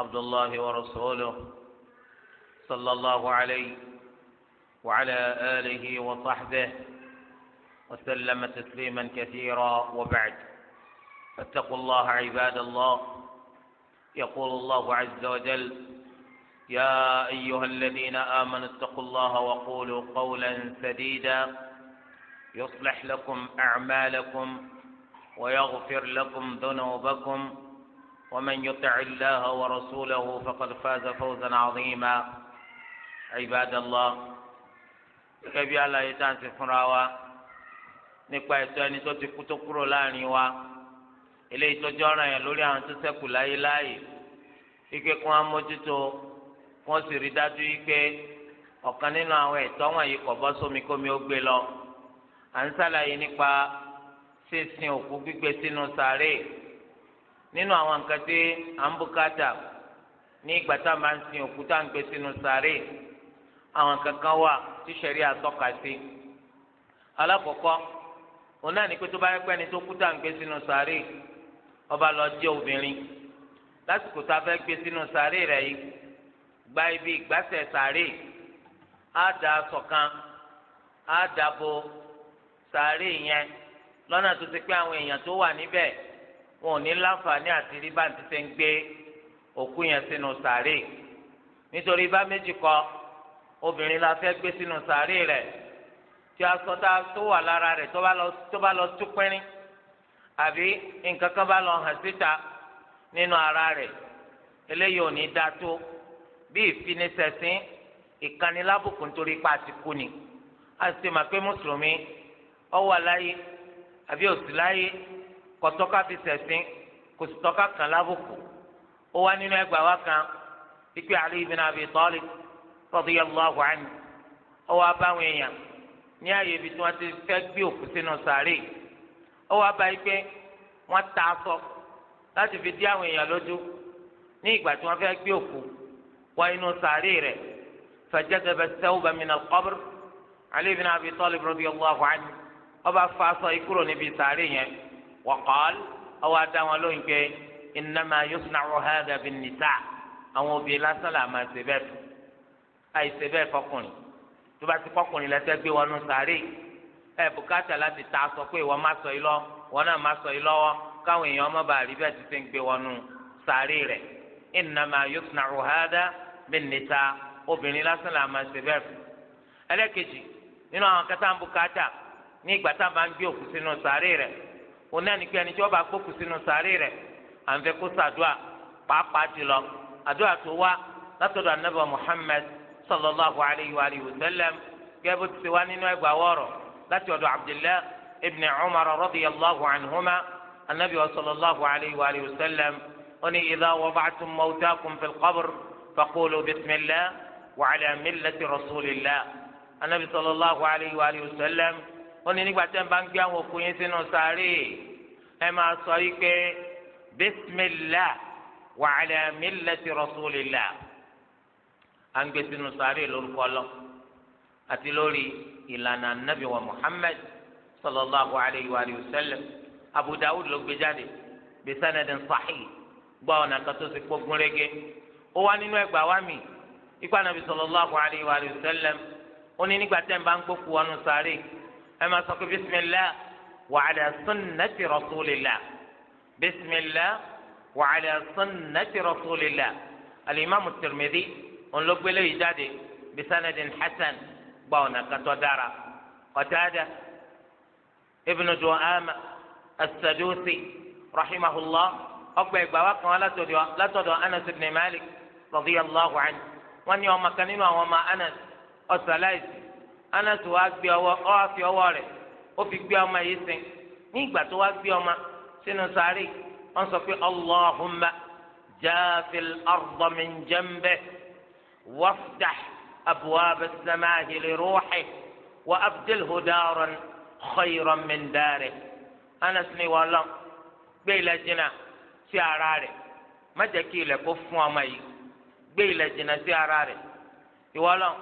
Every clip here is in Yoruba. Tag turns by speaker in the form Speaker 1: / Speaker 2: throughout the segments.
Speaker 1: عبد الله ورسوله صلى الله عليه وعلى آله وصحبه وسلم تسليما كثيرا وبعد فاتقوا الله عباد الله يقول الله عز وجل يا أيها الذين آمنوا اتقوا الله وقولوا قولا سديدا يصلح لكم أعمالكم ويغفر لكم ذنوبكم ومن يطع الله ورسوله فقد فاز فوزا عظيما عباد الله kẹbi alaye tá à ń ṣe fúnra wa nípa ẹ̀tọ́ ẹni tó ti kú tó kúrò láàrin wa eléyìí tó jẹ́ ọ̀ràn yẹn lórí àwọn tó ṣẹ́kù láyé láàyè ike kún amójútó kún sì rí dájú pé ọ̀kan nínú àwọn ẹ̀tọ́ wọ̀nyí kò bọ́ sómi kómi ó gbé lọ à ń ṣàlàyé nípa sísin òkú gbígbé sínú sàréè nínú àwọn nǹkan tí à ń bùkátà ní ìgbà tá a máa ń sin òkúta ń gbé sínú sàárè àwọn kankan wà tí sẹ̀rí àtọ́ka sí. alákọ̀ọ́kọ́ òun náà ní pé tó bá yẹ pé ẹni tó kúta ń gbé sínú sàárè ọba lọ jẹ́ obìnrin lásìkò tá a fẹ́ gbé sínú sàárè rẹ̀ yìí gba ibi ìgbásẹ̀ sàárè á da sọ̀kan á dàbò sàárè yẹn lọ́nà tó ti pé àwọn èèyàn tó wà níbẹ̀ wọn ò ní láǹfààní àti rí bá ti ṣe ń gbé òkú yẹn sínú sàárè nítorí bá méjì kọ obìnrin la fẹ́ gbé sínú sàárè rẹ̀ tí aṣọ tó wà lára rẹ̀ tó bá lọ tú pínrín àbí nǹkan kan bá lọ hàn síta nínú ara rẹ̀ eléyìí ò ní dá tó bí ìfinisẹ̀sín ìkanilábùkù nítorí pa àti kú ni a sì máa pé mùsùlùmí ó wà láyé àbí ó láyé kọtọka fi sẹsìn kò sì tọ́ka kan lábùkù ó wá nínú ẹgbàá wa kan ikú Ali ibn Abi Talib radiyallahu anhu ó wá báwọn èèyàn ní ààyè ibi tí wọ́n ti fẹ́ gbé òkú sínú sàárè ó wá bá yìí pé ta aṣọ láti fi dí àwọn èèyàn lójú ní ìgbà tí wọ́n fẹ́ gbé òkú wọ inú sàárè rẹ̀ fajadaba thawba min al-qabr Ali ibn Abi Talib radiyallahu anhu ó bá fa aṣọ yìí níbi sàárè yẹn wọ́kọ́l ọwọ́ adá wọn lóyún pé ìnáma yusna'u hadha bin nisa àwọn obìnrin lásán là máa ṣe bẹ́ẹ̀ fún àìṣe bẹ́ẹ̀ fọkùnrin tó bá ti fọkùnrin lẹ́sẹ̀ gbé wọn nù sàárè ẹ̀ bùkátà láti ta aṣọ pé ìwọ má sọ yìí lọ wọn náà má sọ yìí lọ́wọ́ káwọn èèyàn má bàa rí bẹ́ẹ̀ ti ṣe ń gbé wọn nù sàárè rẹ̀ ìnáma yusna'u hadha bin nisa obìnrin lásán là máa ṣe bẹ́ẹ̀ fún ẹlẹ́kejì nínú àwọn kẹta bùkátà ní ìgbà tá bá ń gbé òkú sínú sàárè rẹ̀ òun náà ní pé ẹni tí wọ́n bá gbókùn sínú sàárè rẹ̀ à ń fẹ́ kó sàdúà pàápàá jùlọ àdúrà tó wá látọ̀dọ̀ anábọ̀ Muhammad sallallahu alayhi wa alihi wa sallam gẹ́gẹ́ bó ti ṣe wá nínú ẹgbàá wọ̀rọ̀ láti ọ̀dọ̀ Abdullah ibn Umar radiyallahu anhuma anabi sallallahu alayhi wa alihi wa sallam ó ní idha wada'tum mawtakum fil qabr faqulu bismillah wa ala millati rasulillah anabi sallallahu alayhi wa alihi wa sallam ó ní nígbà tí ẹ bá ń gbé àwọn òkú yín sínú sáré ẹ máa sọ yìí pé bismillah wa ala millati rasulillah à ń gbé sínú sáré lórúkọ lọ àti lórí ìlànà anabi wa muhammad sallallahu alayhi wa sallam abu dawud ló gbé jáde bi sanadin sahih gbọ́ ọ̀nà kan tó ti kógun régé ó wá nínú ẹgbàá wa mi ikú anabi sallallahu alayhi wa sallam ó ní nígbà tí ẹ bá ń gbókù wọnú sáré. أما تقول بسم الله وعلى سنة رسول الله بسم الله وعلى سنة رسول الله الإمام الترمذي ان انلق له إجادة بسند حسن بونا كتودارا قتادة ابن دوام السدوسي رحمه الله أقبل بواقع لا تدعى لا تدعى أنس بن مالك رضي الله عنه وأن يوم كان وما أنس أسلايسي Anas wá gbé ọwọ́ ọ wá fi ọwọ́ rẹ̀ ó fi gbé ọmọ yìí sin ní ìgbà tó wá gbé ọmọ sínú sáré wọ́n sọ pé Allahumma jaafil arda min abuwa wafdah abwaab as-samaa'i wa abdul daaran khayran min daarihi Anas ni wàllam gbé ilẹ̀ jìnnà sí ara rẹ̀ má jẹ́ kí ilẹ̀ kó fún ọmọ yìí gbé ilẹ̀ jìnnà sí ara rẹ̀ ìwọ́lọ́n.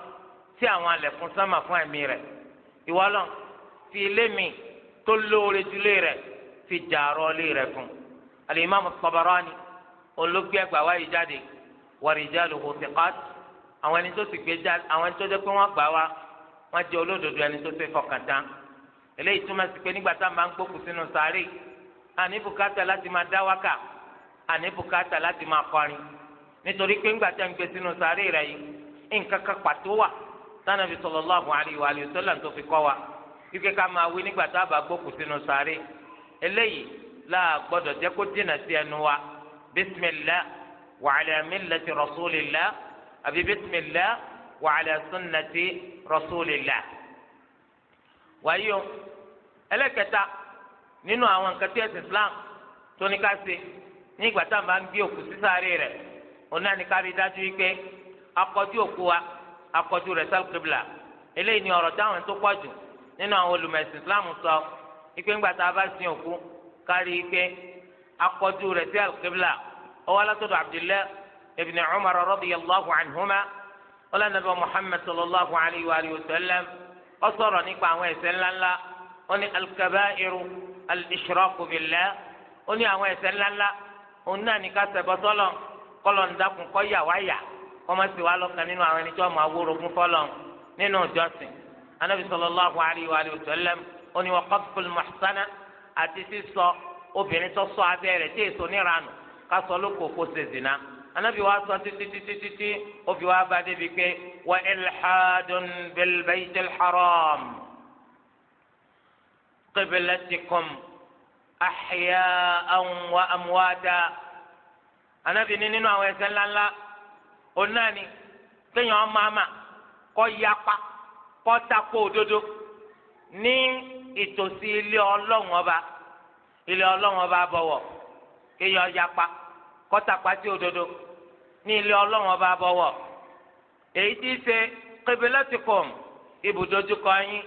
Speaker 1: sí àwọn alẹ̀kùn sánmà fún ẹ̀mí rẹ̀ ìwọ lọ fi ilé mi tó lóore jùlé rẹ̀ fi jàrọ̀ lé rẹ̀ fún alimami Tabarani olóògbé ẹgbàá wáyé jáde wa rijaluhu thiqat àwọn ẹni tó sì gbé jáde àwọn ẹni tó jẹ́ pé wọ́n gbà wá wọ́n jẹ́ olódodo ẹni tó ṣe fọkàn tán eléyìí túmọ̀ sí pé nígbà tá a máa ń gbókùn sínú sáré àní bùkátà láti máa dá wákà àní bùkátà láti máa kọrin nítorí pé ńgbà tá ń gbé sínú sáré rẹ̀ yìí nǹkan kan pàtó wà sanabi sallallahu alayhi wa sallam tó fi kọ́ wa ike ká máa wí nígbà tá a bá gbókù sínú sáré eléyìí la gbọ́dọ̀ jẹ́ kó dínà sí ẹnu wa bisimilah wa ala millati rasulillah àbí bisimilah wa sunnati rasulillah. wàyí o ẹlẹ́kẹta nínú àwọn nǹkan tí ẹ̀sìn islam tó ní ká ṣe nígbà tá a máa ń gbé òkú sí sáré rẹ̀ ọ̀nà ní ká rí dájú wípé akọ́jú òkú wa akọjú rẹ̀ sal qibla eléyìí ni ọ̀rọ̀ táwọn tó pọ̀ jù nínú àwọn olùmẹ̀sìn islam sọ ipe ńgbà tá a bá sin òkú kárí ipe akọjú rẹ̀ sí al qibla ọwọ́ alátọ́dọ̀ abdullah ibn umar radiyallahu anhuma ọlọ́nàbọ̀ muhammad sallallahu alayhi wa sallam ó sọ̀rọ̀ nípa àwọn ẹ̀ṣẹ̀ ńláńlá ó ní alkabairu alishraku billah ó àwọn ẹ̀ṣẹ̀ ńláńlá òun náà ní ká ṣẹbọ sọ́lọ̀ wáyà kọ́má sì wá lọ́kàn nínú àwọn ẹni tí wọ́n máa wóró fún fọ́lọ́ nínú ìjọsìn anábì sallallahu alayhi wa sallam ó ní wa qadful muhsana àti sísọ obìnrin tó sọ abẹ́ rẹ̀ tí èso níranù kásọ lóko kó ṣe zina anábì wa sọ títí títí títí ó fi wá bá débi pé wa ilhadun bil haram qiblatikum ahya'an wa amwata anábì ní nínú àwọn ẹ̀ṣẹ̀ ńláńlá òun náà ni kéèyàn máa mà kọ́ yapa kọ́ takò òdodo ní ìtòsí ilé ọlọ́run ọba ilé ọlọ́run ọba bọ̀wọ̀ kéèyàn yapa kọ́ takpa sí òdodo ní ilé ọlọ́run ọba bọ̀wọ̀ èyí tí í ṣe qiblatukum ibùdójúkọ yín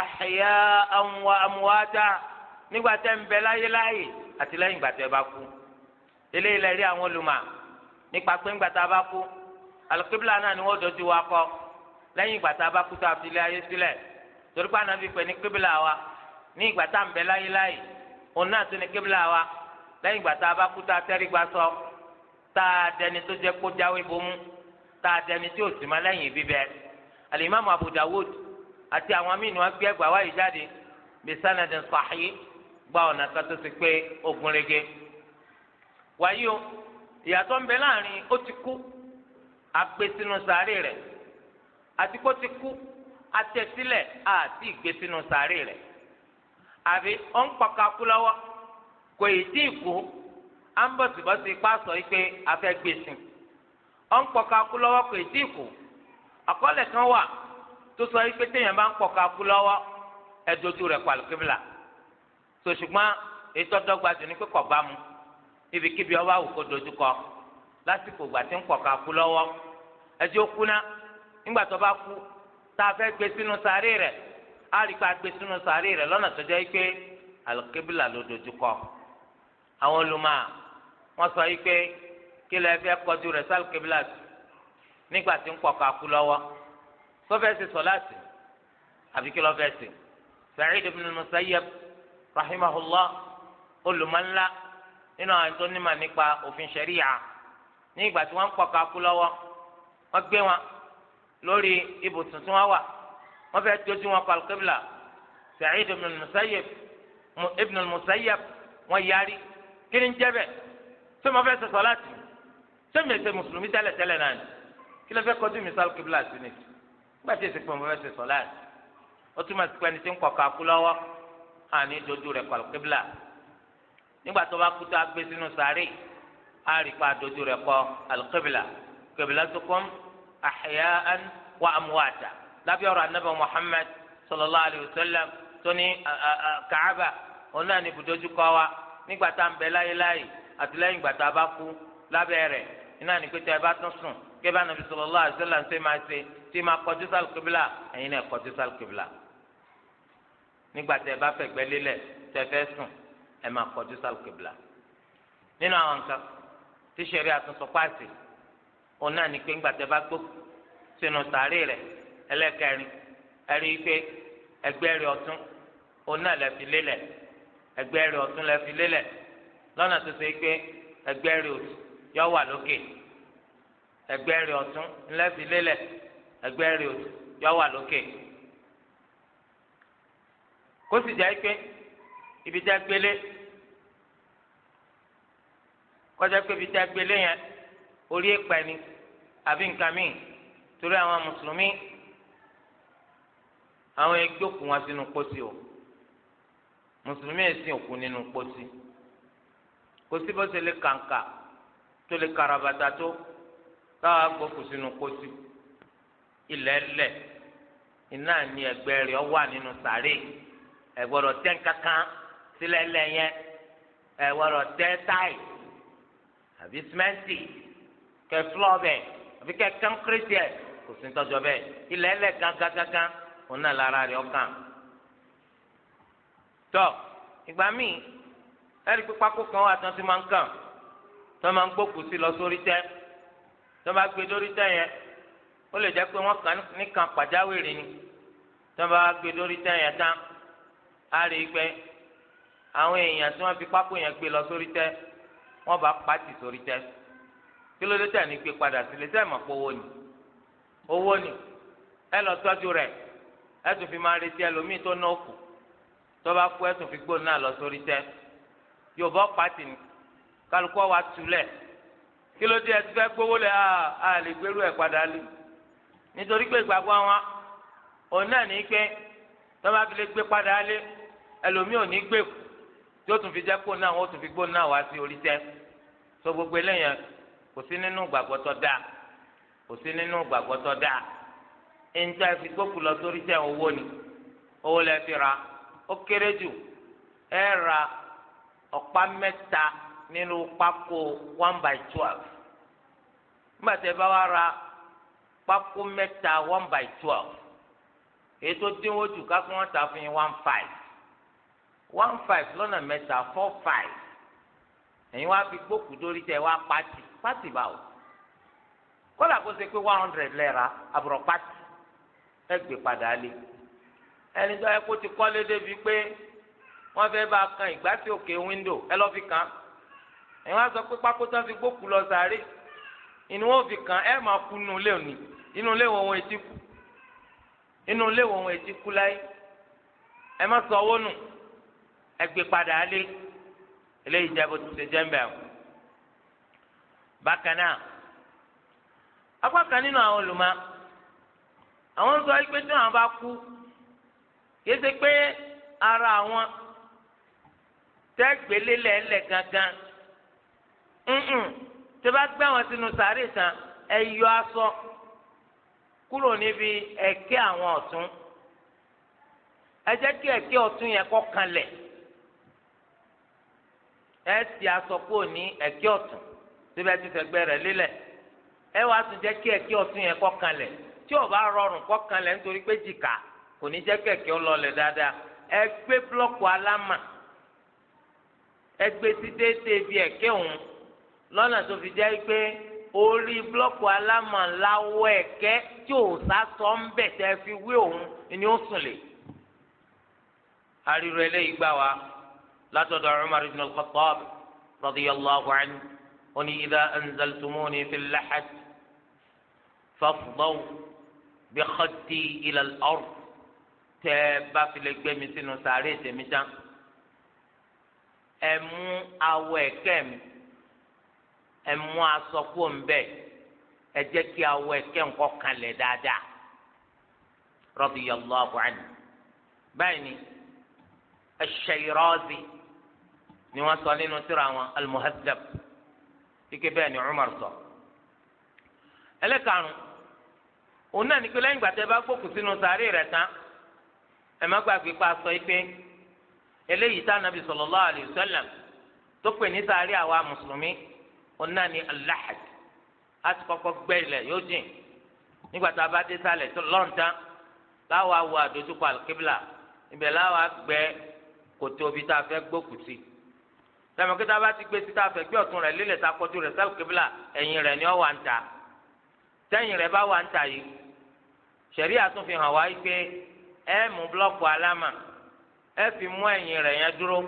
Speaker 1: ahya'an wa amwata nígbà tẹ́ ń bẹ láyé láyé àti lẹ́yìn ìgbà tẹ́ bá kú eléyìí lẹ́rìí àwọn olùmọ̀ nípa pé ńgbà tá a bá kú alùpùpù náà ni wọ́n dojú wa kọ lẹ́yìn ìgbà tá a bá kú tó a fi lé ayé sílẹ̀ torí pé ànábì pè ní kébìlà wa ní ìgbà tá à ń bẹ láyé láyé òun náà tún ní kébìlà wa lẹ́yìn ìgbà bá kú tó a sọ tá dẹni tó jẹ́ kó jáwé bomú tá dẹni tí ò sì má lẹ́yìn bíbẹ alimami Abu Dawud àti àwọn amínú agbé ẹgbàá wáyé jáde bisanadin sahih gba ọ̀nà kan ti pé ogun rege wáyé o ìyàtọ̀ ń bẹ láàrin ó ti kú àgbé sínú sàárè rẹ̀ àti kó ti kú atẹ́sílẹ̀ àti ìgbé sínú sàárè rẹ̀ àbí ó ń pàkà kú lọ́wọ́ kò ì tí ì kú à ń bọ̀ síbọ̀ sí ipá sọ pé a fẹ́ gbé sìn ó ń pàkà kú lọ́wọ́ kò ì tí ì kú àkọọ́lẹ̀ kan wà tó sọ pé téèyàn bá ń pàkà kú lọ́wọ́ ẹ dojú rẹ̀ pàlùkìbìlà ètò ọ̀dọ́gba jù ní pé kò bá mu. ibikíbi ọba àwùkọ dojúkọ lásìkò ìgbà ń pọ̀ ká kú lọ́wọ́ ẹjẹ́ ó kúná nígbà tó bá kú tá a fẹ́ gbé sínú sàárè rẹ̀ á rí pa gbé sínú sàárè rẹ̀ lọ́nà tó jẹ́ pé alùkébìlà ló dojúkọ àwọn sọ yìí pé kí nínú àwọn tó nímọ̀ nípa òfin ṣẹ̀ríyà ní ìgbà tí wọ́n ń pọ̀ kakú lọ́wọ́ wọ́n gbé wọn lórí ibùsùn tí wọ́n wà wọ́n fẹ́ dojú wọn kọ́ alqibla Sa'id ibn al-Musayyib ibn al-Musayyib wọ́n yarí kí ni ń jẹ́ bẹ́ẹ̀ ṣé mo fẹ́ ṣe sọ́láàtì ṣé mi ṣe mùsùlùmí tẹ́lẹ̀ tẹ́lẹ̀ náà ni kí ló fẹ́ kọjú mi sí alqibla sí ni nígbà tí èsì pé fẹ́ ṣe sọ́láàtì ó túmọ̀ sí pé ẹni tí ń kọ̀ kakú lọ́wọ́ àní dojú rẹ̀ kọ́ nígbà tó bá kú tó a gbé sínú sàárè a rí pa dojú rẹ̀ kọ alikibla qiblatukum ahya'an wa amwata lábẹ́ ọ̀rọ̀ anabi muhammad sallallahu alayhi wa sallam tó ní kaaba òun náà ní ibùdójú kọ wa nígbà tá à ń bẹ láyé láyé àtìlẹ́yìn ìgbà tá a bá kú lábẹ́ rẹ̀ iná ní pété ẹ bá tún sùn kí ẹ bá nàbí sallallahu alayhi ṣe máa ṣe tí máa kọjú sí alikibla ẹ̀yin náà kọjú sí alikibla nígbà tẹ ẹ bá fẹ̀gbẹ́ lélẹ̀ tẹ fẹ́ sùn ẹ máa kọjú sálùkìbìlà nínú àwọn nǹkan tí sẹ́rí àtúnṣe pàṣẹ òun náà ní pé ńgbà tẹ́ bá gbó sínú sàárè rẹ̀ ẹlẹ́kẹrin ẹ rí i pé ẹgbẹ́ rẹ̀ ọ̀tún òun náà lẹ́ fi lélẹ̀ ẹgbẹ́ rẹ̀ ọ̀tún lẹ́ fi lélẹ̀ lọ́nà tó ṣe pé ẹgbẹ́ rẹ̀ òsì yọ wà lókè ẹgbẹ́ rẹ̀ ọ̀tún lẹ́ fi lélẹ̀ ẹgbẹ́ rẹ̀ òsì yọ wà lókè kó sì jẹ́ pé ibi tẹ́ gbélé kọjá pé ibi tẹ́ gbélé yẹn orí èpè ni àbí nǹkan míì torí àwọn mùsùlùmí àwọn ẹgbẹ́kùn wọn sínú pósí o mùsùlùmí ẹ̀sìn òkú nínú pósí kò sí bó ṣe lè kàǹkà tó lè karabata tó káwá gbókù sínú pósí ilẹ̀ ẹlẹ̀ iná ni ẹgbẹ́ rẹ̀ wà nínú sàárè ẹ̀gbọ́dọ̀ tẹ́ ń sílẹ̀ ńlẹ̀ yẹn ẹ wọ́rọ̀ tẹ́ táì àbí símẹ́ǹtì kẹ fúlọ̀ bẹ̀ àbí kẹ kọ́ńkírìtì ẹ̀ kò sí tọ́jọ́ bẹ́ẹ̀ ilẹ̀ ńlẹ̀ gángangán òun náà lára rẹ̀ ọkàn. tọ́ ìgbà míì ẹ̀rí pípákó kan wà tán tí máa ń kàn tó máa ń gbókù sí lọ sórí tẹ́ tó bá gbé lórí tẹ́ yẹn ó lè jẹ́ pé wọ́n kàn níkan pàjáwìrì ni tó bá gbé lórí tẹ́ yẹn tán á rí i pé àwọn èèyàn tí wọ́n fi pákó yẹn gbé lọ sórí tẹ́ wọ́n bá pàtì sórí tẹ́ kí ló dé tẹ̀ ní gbé padà sílé tẹ́ mọ̀ pé owó ni owó ni ẹ lọ tọ́jú rẹ̀ ẹ tún fi máa retí ẹlòmíì tó ná òkú tó bá kú ẹ tún fi gbóná lọ sórí tẹ́ yóò bọ́ pàtì ni kálukú wa tulẹ̀ kí ló dé ẹ ti fẹ́ gbówó lẹ̀ a lè gbérú ẹ̀ padà lé nítorí pé ìgbàgbọ́ wọn òun náà ní pé tó bá fi lè gbé padà lé ẹlòmíì ò ní gbé kú tí ó tún fi jẹ́ kó náà ó tún fi gbó náà wá sí so gbogbo eléyàn kò sí nínú gbàgbọ́ dáa kò sí nínú gbàgbọ́ tó dáa fi gbókù lọ sórí tẹ́ owó ni owó lẹ́ fi ra ó kéré jù ẹ ra ọ̀pá mẹ́ta nínú pákó one by twelve bá wá ra pákó mẹ́ta one by twelve dínwó jù ká ta one five. one five lọ́nà mẹ́ta four five ẹ̀yin wá fi gbókùú dórí tẹ̀ wá pàtì pàtì báwo kọ́lá kó ṣe pé one hundred lẹ́ra àbúrò pàtì ẹ gbé padà lé ẹni tó yẹ kó ti kọ́lé débi pé wọ́n fẹ́ bá kan ìgbà tí òkè wíńdò ẹ lọ́ fi kàn ẹ̀yin wá sọ pé pákó tán fi gbókùú lọ sàárè inú wọn fi kàn ẹ máa kú inú ilé òní inú ilé wọn wọn etí kú inú ilé wọn wọn etí kú láyé ẹ má sọ owó nù ẹgbẹ́ padà lé eléyìí jẹ́ bó ti ṣe jẹ́ ń bẹ̀ ọ́. bákan náà apá kan nínú àwọn olùmọ̀ àwọn sọ pé tí wọn bá kú kìí ṣe pé ara àwọn tẹ́gbẹ́lé lẹ́lẹ̀ gangan nnn tí bá gbé wọn sínú sàárè tán ẹ yọ aṣọ kúrò níbi ẹ̀kẹ́ àwọn ọ̀tún ẹ jẹ́ kí ẹ̀kẹ́ ọ̀tún yẹn kọ́ kanlẹ̀ ẹ sì aṣọ kúrò ní ẹ̀kẹ́ ọ̀tún ti fẹ̀gbẹ́ rẹ̀ lélẹ̀ ẹ wàá tún jẹ́ kí ẹ̀kẹ́ ọ̀tún yẹn tí rọrùn kó nítorí pé jìkà kò ní jẹ́ kẹ̀kẹ́ ọlọlẹ̀ dáadáa ẹ gbé alámà ẹ gbé déédéé bíi òun tó fi jẹ́ pé orí blọ́ọ̀kù alámà láwọ̀ ẹ̀kẹ́ tí ò sọ ń bẹ̀ tẹ́ fi òun ni wa لا تدع عمر بن الخطاب رضي الله عنه أني إذا أنزلتموني في اللحد فافضوا بخدي إلى الأرض تابا في الجيم سنو ساريس مشان أمو اواكام أمو أصفون به أجكي اواكام قوكا لدادا رضي الله عنه بيني الشيرازي ni wọ́n sọ nínú tírà wọn al-muhaddab kíkẹ́ bẹ́ẹ̀ ni Umar sọ. ẹlẹ́karùn-ún òun náà ní pé lẹ́yìn gbàtẹ́ bá gbókùn sínú sàárè rẹ̀ tán ẹ má gbàgbé pa sọ pé eléyìí tá nàbì sallallahu alayhi wa sallam tó pè ní sàárè àwa mùsùlùmí òun náà ní al-lahad ti kọ́kọ́ gbẹ́rìlẹ̀ yóò jìn nígbà tá a bá dé sálẹ̀ lọ́ǹtán láwa wo àdójúkọ al-qibla láwa gbẹ́ kòtò ibi tá a fẹ́ gbókùn sí i sẹ́mi kí tá a bá ti gbé síta fẹ́ gbé ọ̀tún rẹ̀ lílẹ̀ tá a kọjú rẹ̀ sẹ́lù kébìlà ẹ̀yìn rẹ̀ ni ó wà ń ta tẹ́yìn rẹ̀ bá wà ń ta yìí ṣẹ̀rí àtúnfi hàn wá yìí pé ẹ mú blọ́ọ̀kù aláma ẹ fi mú ẹ̀yìn rẹ̀ yẹn dúró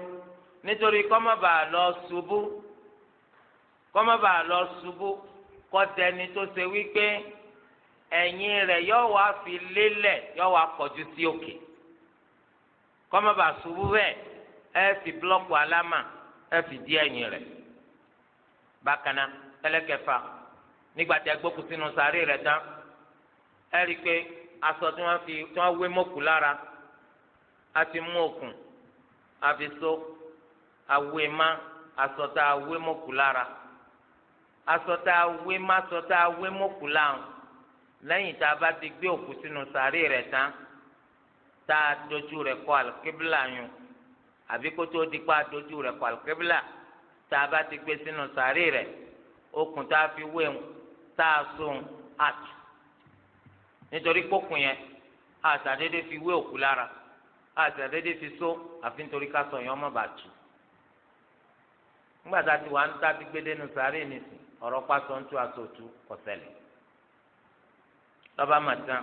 Speaker 1: nítorí kọ́mọ́bà lọ ṣubú kọ́mọ́bà lọ ṣubú kọ́tẹ́ni tó ṣe wípé ẹ̀yìn rẹ̀ yọ wá fi lélẹ̀ yọ wá kọjú sí òkè kọ́mọ́bà ṣubú bẹ́ẹ̀ ẹ fi blọ́ọ̀kù aláma ẹ fi di ẹ̀yìn rẹ̀ bákan náà ẹlẹ́kẹfà nígbà tí a gbókù sínú sàárè rẹ̀ tán ẹ rí i pé aṣọ tí wọ́n fi tí wọ́n wé mọ́kù lára a ti mú òkun a fi so awé má aṣọ tá a wé mọ́kù lára aṣọ tá a wé má aṣọ tá a wé mọ́kù láhùn lẹ́yìn tá a bá ti gbé òkú sínú sàárè rẹ̀ tán tá a dojú rẹ̀ kọ àlùkébílà yùn àbí kó tó di pa dojú rẹ̀ pàlùkébìlà tá a bá ti gbé sínú sàárè rẹ̀ okùn tá a fi wéhùn tá a sóhun àtù nítorí kókùn yẹn àṣàdédé fi wé òkú lára àṣàdédé fi só àfi nítorí ká sọ yẹn ọmọ bàtù ńgbà tá a ti wà ń ti gbé dénú sàárè nìsín ọ̀rọ̀ pásọ ń tú aṣọ òtú kọ̀sẹ̀lẹ̀ lọ́ba màtán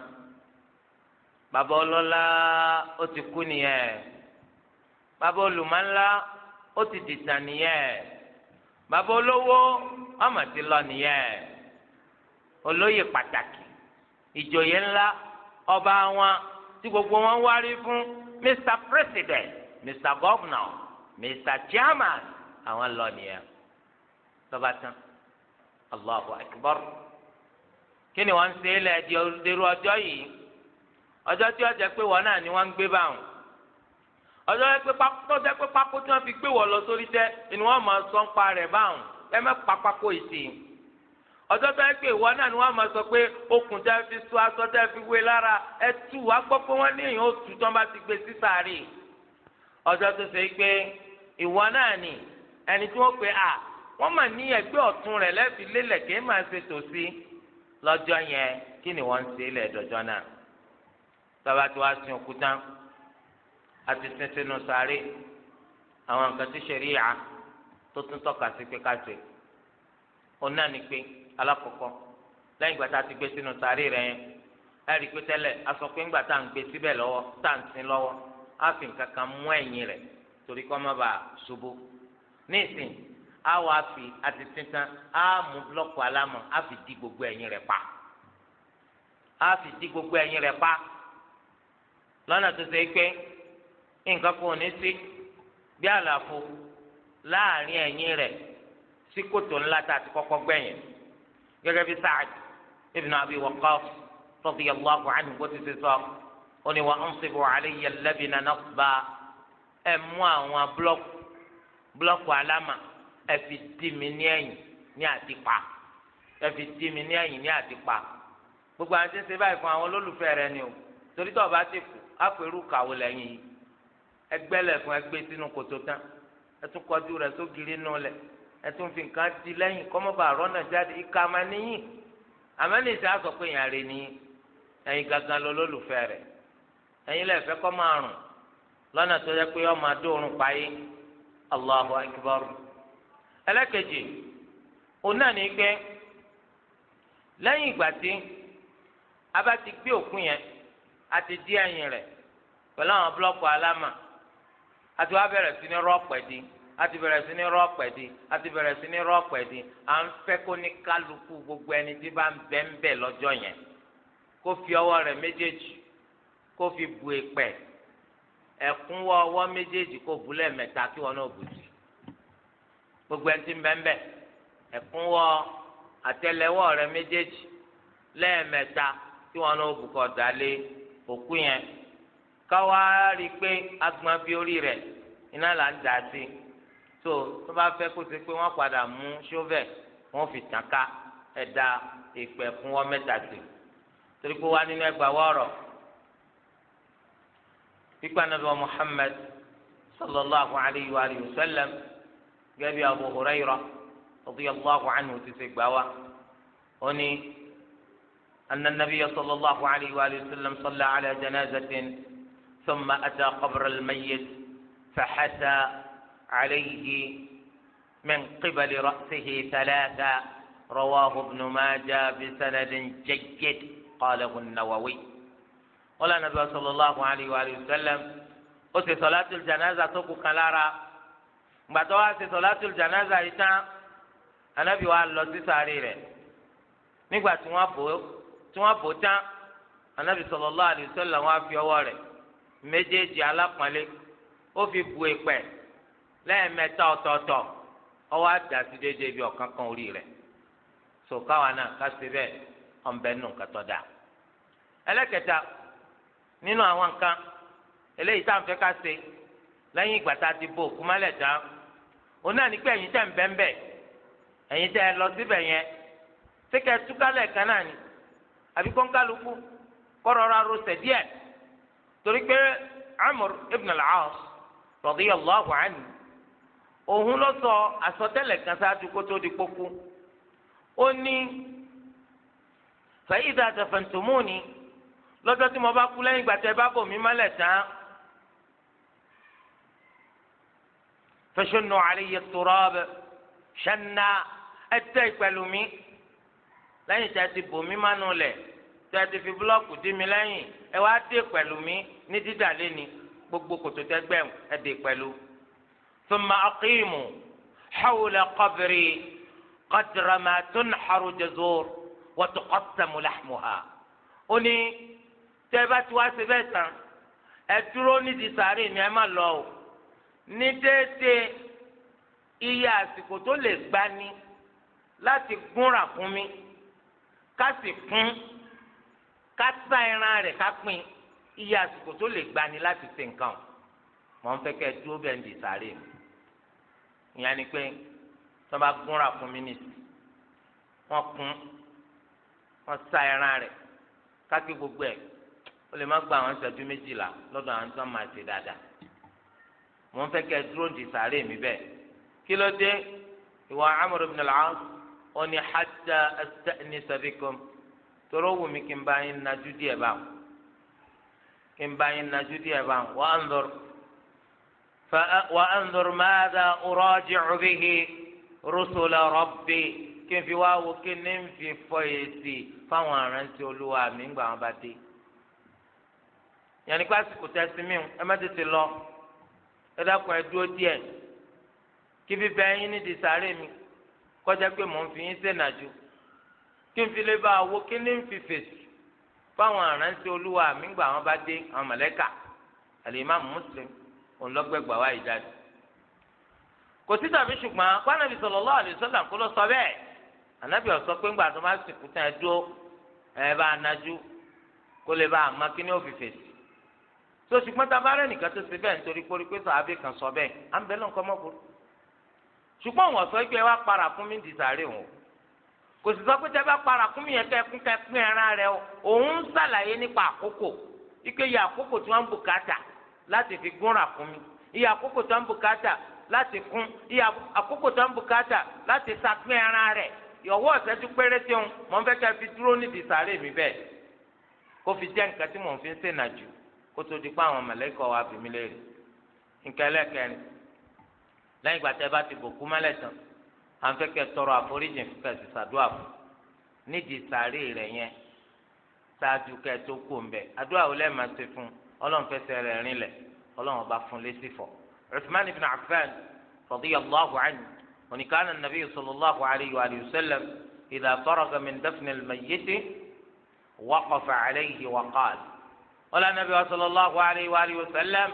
Speaker 1: bàbá ọlọ́lá ó ti kú nìyẹn bàbá olùmọ̀ńlá ó ti dìtà nìyẹn bàbá olówó ọmọ ti lọ nìyẹn olóyè pàtàkì ìjòyè ńlá ọba wọn tí gbogbo wọn wárí fún mr president mr governor mr chairman àwọn lọ nìyẹn tọba tán allahu akbar kí ni wọn ń ṣe é lẹ di ọdẹrú ọjọ́ yìí ọjọ́ tí ọjà pé wọn náà ni wọn ń gbé báwọn ọjọ́ tọ́jọ́ pé pákó tí wọ́n fi gbé wọ̀ lọ sórí tẹ́ ni wọ́n máa sọ ń pa rẹ̀ báwọn ẹ má pa pákó ìsì ọjọ́ tọ́jọ́ pé ìwọ náà ni wọ́n máa sọ pé okùn tẹ́ fi so aṣọ tẹ́ fi wé lára ẹ tú wá gbọ́ pé wọ́n ní èèyàn òtún tán bá ti gbé sí sàárè ọjọ́ tó ṣe pé ìwọ náà ni ẹni tí wọ́n pe à wọ́n mà ní ẹgbẹ́ ọ̀tún rẹ̀ lẹ́fi lélẹ̀ kí máa ṣe tòsí lọ́jọ́ yẹn kí ni wọ́n ń ṣe lẹ́ẹ̀dọ́jọ́ náà tọ́ba tí wàá sin òkúta àti sínsinu sáré àwọn nǹkan tí ṣẹ̀ríyà tó tún tọ́ka sí pé ká ṣe ọ̀nà ni pé alákọ̀ọ́kọ́ lẹ́yìn ìgbà tá a ti gbé sínú sáré rẹ̀ yẹn ẹ rí i pé tẹ́lẹ̀ a sọ pé ńgbà tá à ń gbé síbẹ̀ lọ́wọ́ tá à ń sin lọ́wọ́ á fi nǹkan kan mú ẹ̀yìn rẹ̀ torí kó má bàa ṣubú nísìn á wàá fi àti sísan á mú blọ́ọ̀kù alámọ̀ á fi di gbogbo ẹ̀yìn rẹ̀ pa á fi di gbogbo ẹ̀yìn rẹ̀ pa lọ́nà tó ṣe é pé nǹkan kan ò ní sí bí àlàfo láàrin ẹ̀yìn rẹ̀ sí kòtò ńlá tá a ti kọ́kọ́ gbẹ̀yìn gẹ́gẹ́ bí Sa'ad ibn Abi Waqqas radiyallahu anhu bó ti ti sọ ó ní wa ansibu alayya al-labina nasba ẹ̀ mú àwọn búlọ́kù búlọ́kù aláma ẹ̀ fi dì mí ní ẹ̀yìn ní àtìpa ẹ̀ fi dì mí ní ẹ̀yìn ní àtìpa gbogbo àwọn ṣe báyìí fún àwọn olólùfẹ́ rẹ̀ ni o torí bá ti kú á pẹ̀lú kàwé lẹ́yìn yìí ẹgbẹ́lẹ̀ fún ẹgbẹ́ sínú kòtò tán ẹtún kọjú rẹ̀ le nù lẹ̀ ẹtún fi nǹkan di lẹ́yìn kọ́mọ́bà rọ́nà jáde ika ma níyìn àmọ́ ní ìta sọ ni gangan lọ lólùfẹ́ rẹ̀ ẹ̀yin lẹ́fẹ́ kọ́ máa rùn lọ́nà tó yẹ pé ó ma dóorùn Allahu akbar ẹlẹ́kejì òun náà ní pé lẹ́yìn ìgbà tí a ti gbé òkun yẹn ti dí ẹ̀yìn pẹ̀lú àwọn àti wàá bẹ̀rẹ̀ sí ní rọ́ọ̀pẹ̀ di àti bẹ̀rẹ̀ sí ní rọ́ọ̀pẹ̀ di àti bẹ̀rẹ̀ sí ní rọ́ọ̀pẹ̀ di à ń fẹ́ kó ní kálukú gbogbo ẹni tí bá ń bẹ ń bẹ lọ́jọ́ yẹn kó fi ọwọ́ rẹ̀ méjèèjì kó fi bu èpẹ̀ ẹ̀kúnwọ́ ọwọ́ méjèèjì kó bu lẹ́ẹ̀mẹ́ta kí wọn náà bù sí gbogbo ẹni tí ń bẹ ń bẹ ẹ̀kúnwọ́ àtẹ́lẹwọ́ rẹ̀ méjèèjì lẹ́ẹ̀mẹ́ta kí wọn náà bù kọ́ dalé òkú yẹn káwa rí i pé agbọn bíi orí rẹ̀ iná là ń dà sí tó tó bá fẹ́ kó ṣe pé wọ́n padà mú ṣóvẹ̀ wọ́n fi tàn ká ẹ̀dá ìpẹ́ fún wọn mẹ́ta sí torí pé wá nínú ẹgbàá wọ́ọ̀rọ̀ pípa nàbẹ wa Muhammad sallallahu alayhi wa alihi wa sallam gẹbi Abu Hurairah radiyallahu anhu ti ṣe gbà wá ó ní anna nabiyya sallallahu alayhi wa alihi wa sallam salla ala janazatin. ثم أتى قبر الميت فحسى عليه من قبل رأسه ثلاثة رواه ابن ماجة بسند جيد قاله النووي قال النبي صلى الله عليه وآله وسلم أتي صلاة الجنازة توقو كالارا بعدها أتي صلاة الجنازة إتا أنا بيوال الله سيساريري نقوى توافو توافو تا النبي صلى الله عليه وسلم وافي أوالي méjèèjì alápọ̀nlé ó fi bu ìpẹ́ lẹ́ẹ̀mẹ́ta ọ̀tọ̀ọ̀tọ̀ ọwọ́ àdásí déédéé bí ọ̀kan kan orí rẹ̀ sòkáwa náà kásì bẹ́ẹ̀ ọ̀nbẹ́ nù kẹtọ́ dà ẹlẹ́kẹta nínú àwọn nǹkan eléyìí tá à ń fẹ́ ká ṣe lẹ́yìn ìgbà tá a ti bo òkú tán òun náà ní pé ẹ̀yin tẹ̀ ń ẹ̀yin tẹ̀ lọ síbẹ̀ yẹn túkálẹ̀ kan náà ni àbí kọ́ńkálukú díẹ̀ torí pé amr ibn al-aas radiyallahu anhu òun ló sọ àsọtẹ́lẹ̀ kan ṣáájú kó tó di kpókú ó ní fa idha dafantumuni lọ́jọ́ tí mo bá kú lẹ́yìn ìgbà tẹ́ bá bò mí mọ́lẹ̀ tán fashunnu alayya turab shanna ẹ tẹ́ ìpẹ̀lú mi lẹ́yìn tí a ti bò mí mọ́nu lẹ̀ tẹ́tí fi búlọ́ọ̀kù dí mi lẹ́yìn ẹ wá dé pẹ̀lú mi ní dídà lẹ́ni gbogbo kòtò tẹ́gbẹ̀m ẹ dé pẹ̀lú. thumma aqimu hawla qabri qadra ma tunharu jazur wa tuqassamu lahmuha. ó ní tẹ́ bá ti wá ṣe bẹ́ẹ̀ tán ẹ dúró nídìí sàárè mi ẹ má lọ o ní déédéé iye àsìkò tó lè gbani láti gúnra fún mi ká sì kún ká sá ẹran rẹ̀ ká pín iye àsìkò tó lè gbani láti ṣe nǹkan mọ̀ ń fẹ́ kẹ́ ẹ dúró bẹ́ẹ̀ ń di sáré mi ìyẹn ni pé tó bá gúnra fún mi nìsí wọ́n kún wọ́n sá ẹran rẹ̀ kákí gbogbo ẹ̀ ó lè má gba àwọn ìṣẹ́jú méjìlá lọ́dọ̀ àwọn tó máa ṣe dáadáa mò ń fẹ́ kẹ́ dúró di sàárè mi bẹ́ẹ̀ kí ló dé ìwà Amr ibn al-As ó ní hatta asta'nisa tọrọ wù mí kí n bá yín najú díẹ̀ báwọn kí n bá yín najú díẹ̀ báwọn wà á ń dọrọ wà á ń dọrọ máa da ọrọ jẹ ọbíhi rọsọlá rọbì kí n fi wá wo kí ní n fi fọ èsì fáwọn arántí olúwa mi ń gbà wọn bá dé yàní pásítọ̀ tẹ́sí mi ẹ má tètè lọ ẹ dákun ẹ dúró díẹ̀ kí bíbẹ́ yín nídìí sáré mi kọjá pé mò ń fi yín sèǹdàjú kí n fi lè bá wo kí ní fi fèsì fáwọn aránṣẹ́ olúwa mi gbà wọn bá dé àwọn mọ̀lẹ́kà alimami muslim ònlọ́gbẹ́gbà wa ìjáde. kò sí tàbí ṣùgbọ́n pàànàbì sallallahu alaihi wasallam kó lọ sọ bẹ́ẹ̀ ànábì ọ̀sọ́ pé ńgbà tó máa sìnkú tán ẹ dúró ẹ bá a nájú kó lè bá a má kí ní ó fi fèsì. tó ṣùgbọ́n tá a bá rẹ̀ nìkan tó ṣe bẹ́ẹ̀ nítorí pé orípé sàábì kan sọ bẹ́ẹ̀ à ń bẹ lọ́nkọ́ mọ́kúrú kò sì sọ pé tẹ bá para kún mi yẹn kẹkún kẹkún ẹran rẹ o òun ń ṣàlàyé nípa àkókò ike iye àkókò tí wọn ń bùkátà láti fi gúnra fún mi iye àkókò tí wọn ń bùkátà láti kún iye àkókò tí wọn ń bùkátà láti sàpín ẹran rẹ ìyọwọ́ ọ̀sẹ́jú péréte ń mọ̀ ń fẹ́ kẹ́ fi dúró nídìí sàárè mi bẹ́ẹ̀ kó fi jẹ́ nǹkan tí mò ń fi ń sènà jù kó tó di pa àwọn mọ̀lẹ́kọ̀ wa bìmí léèrè nǹkan ẹlẹ́kẹ̀rin lẹ́yìn ìgbà tẹ́ bá ti bòkú mọ́lẹ̀ tán àǹfẹ̀kẹ́ tọrọ àforíjìn kẹsì sàdúà fún nídìí sàárè rẹ̀ yẹn ṣáájú kẹ́ tó kó ń bẹ̀ àdúà wò lẹ́ẹ̀ máa ṣe fún ọlọ́run fẹsẹ̀ rẹ̀ rìn lẹ̀ ọlọ́run ọba fún lẹ́sì fọ̀ Uthman ibn Affan radiyallahu anhu oníkàánà nàbí sallallahu alayhi wa sallam idha faraga min dafn al-mayyit waqafa alayhi wa qala ọlọ́run anabi sallallahu alayhi wa sallam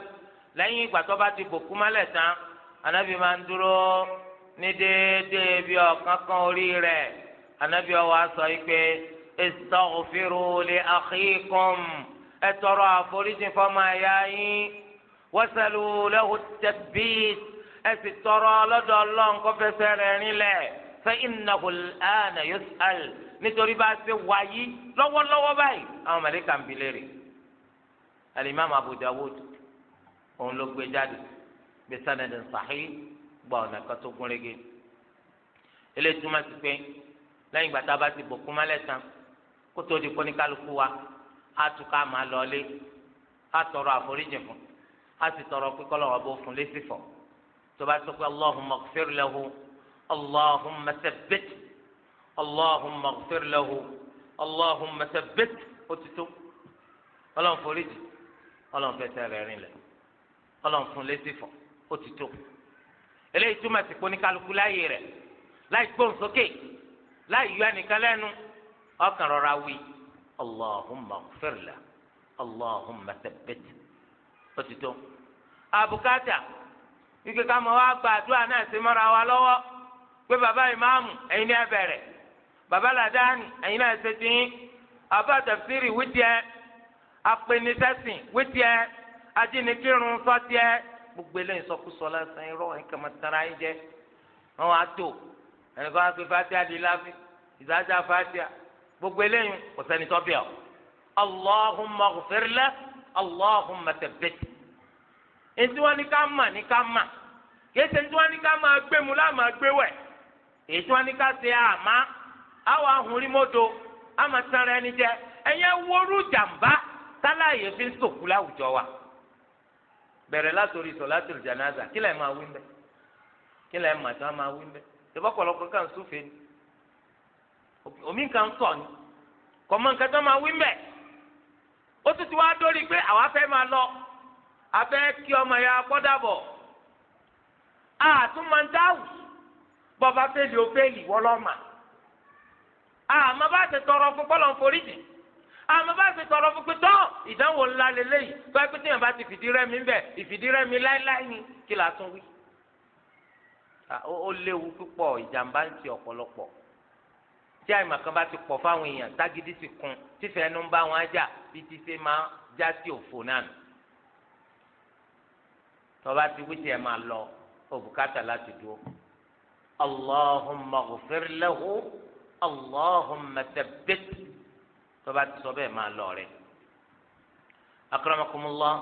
Speaker 1: lẹ́yìn ìgbà bá ti bòkú mọ́lẹ̀ tán anabi máa ń dúró ní déédéé bí ọ̀kan kan orí rẹ̀ anabi ọwọ́ aṣọ yìí pé istaghfiru li akhikum ẹ tọrọ àforíjì fọmọ ẹ̀yà yín wasalu lahu at-tathbit ẹ sì tọrọ lọ́dọ̀ ọlọ́run kó fẹsẹ̀ rẹ̀ rinlẹ̀ fa innahu al-ana yus'al nítorí bá ṣe wáyé lọ́wọ́lọ́wọ́ báyìí àwọn mẹ̀lẹ́kà ń bilé rè alimami Abu òun ló gbé jáde bí sanadin sahih gba ọ̀nà kan tó gún régé eléyìí túmọ̀ sí pé lẹ́yìn ìgbà tá a bá ti bòkú mọ́lẹ̀ tán kó tó di kóní kálukú wa á tún ká máa lọ ilé á tọrọ àforíjì fún á sì tọrọ pé kọ́lọ́wọ́ bó fún lésì fọ̀ tó bá tó pé allahumma ighfir lahu allahumma thabbit allahumma ighfir lahu allahumma thabbit ó ti tó ọlọ́run foríjì ọlọ́run fẹsẹ̀ rẹ̀ rìn lẹ̀ ọlọ́run fún lésì fọ̀ ó ti tó. eléyìí túmọ̀ sí poníkálukú láàyè rẹ̀ láì gbóhùn sókè láì yọ ẹnìkan lẹ́nu ọkàn rọra wí allahumma ghfirla allahumma thabbit ó ti tó. àbùkátà ike ká mọ̀ wá gba àdúrà náà sí mọ́ra wa lọ́wọ́ pé bàbá ìmáàmù ẹ̀yin ní ẹ̀bẹ̀rẹ̀ bàbá làdáni ẹ̀yin náà ṣe tiyín àbá tafsiri wí tiẹ̀ apẹnisẹ́sìn wí tiẹ̀ sọ gbogbo eléyìí sọkúsọ lásán irọ́ ẹ̀ tara ẹ̀ jẹ́ wá tó wá pé fatia di láfi ìdájà fatia gbogbo eléyìí kò sẹ́ni tó bẹ̀ ọ́ allahumma ghfirla allahumma thabbit ní ká mà ní ká mà kéésì ètí ní ká máa gbé mu gbé wẹ̀ ní ká ṣe àmá àwọn mọ́tò tara ẹni ẹ̀yẹ wọ́rú jàǹbá táláyé fi ń sòkú láwùjọ wa. bẹ̀rẹ̀ látòrí sọ̀látòrí jànáza kí lẹ́ẹ̀ máa wí ń bẹ́ kí lẹ́ẹ̀ máa tí wọ́n máa wí ń bẹ́ tẹ́fọ́pọ̀lọpọ̀ kan súfèé ni omi kan sọ̀ ni kọ̀mọ́ nǹkan tó máa wí ń bẹ́ ó tún ti wá dórí pé àwa fẹ́ máa lọ abẹ́ kí ọmọ ya gbọ́dàbọ̀ àtúmọ̀ndáwù bọ́ba fẹ́lì ó fẹ́lì wọ́lọ́mà àmọ́ bá ti tọrọ fún bọ́lọ̀ foríjì àmọ́ ah, bá fi tọrọ fún pé tán ìdánwò ńlá lélẹ́yìí tó ẹgbẹ́ tí yẹn bá ti fìdí rẹ́mi ń bẹ̀ ìfìdí rẹ́mi láéláé ni kí là á tún wí. Ah, ó léwu púpọ̀ ìjàmbá ń ti ọ̀pọ̀lọpọ̀ tí àìmọ̀ kan bá ti pọ̀ fáwọn èèyàn tágídí ti kun tífẹ̀ẹ́ ẹnu ń bá wọn ájà bí ti ṣe máa já sí òfò náà nù. tọ́ba ti wí tiẹ̀ máa lọ òbúkátà láti dúró. allahumma ghfir lahu allahumma thabbit tọba ti sọ bẹ́ẹ̀ máa lọ rẹ akramakumullah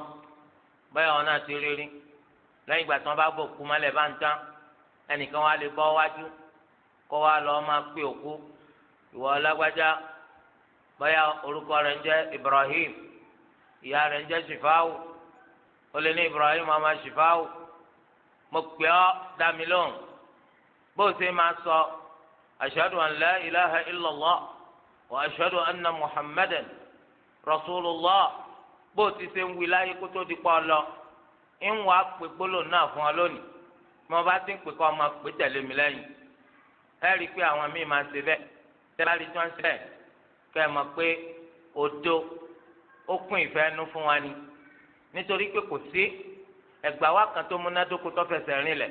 Speaker 1: báyọ̀ wọn náà ti rírí lẹ́yìn ìgbà tí wọ́n bá bò kú mọ́lẹ̀ bá ń tán ẹnìkan wá lè bọ́ wájú kó wá lọ́ọ́ máa pé òkú ìwọ ọlágbájá báyà orúkọ rẹ̀ ń jẹ́ Ibrahim ìyá rẹ̀ ń jẹ́ Shifawu ó lè ní Ibrahim ọmọ Shifawu mo pè ọ́ dá mi lóhùn bó o ṣe máa sọ ashhadu an la ilaha illallah. وأشهد أن محمدا رسول الله bó ti ṣe ń wí láyé kó tó di pa ọ lọ ń wàá pè gbólóhùn náà fún ọ lónìí mo bá ti ń pè kọ́ ọ máa pè tẹ̀lé mi lẹ́yìn ẹ rí i pé àwọn míì máa ń ṣe bẹ́ẹ̀ tẹ́lárí tí wọ́n ń ṣe bẹ́ẹ̀ kẹ́ ẹ mọ̀ pé odo ó kún ìfẹ́ ẹnu fún wa ni nítorí pé kò sí ẹgbàá wa kan tó múnádóko tó fẹsẹ̀ rinlẹ̀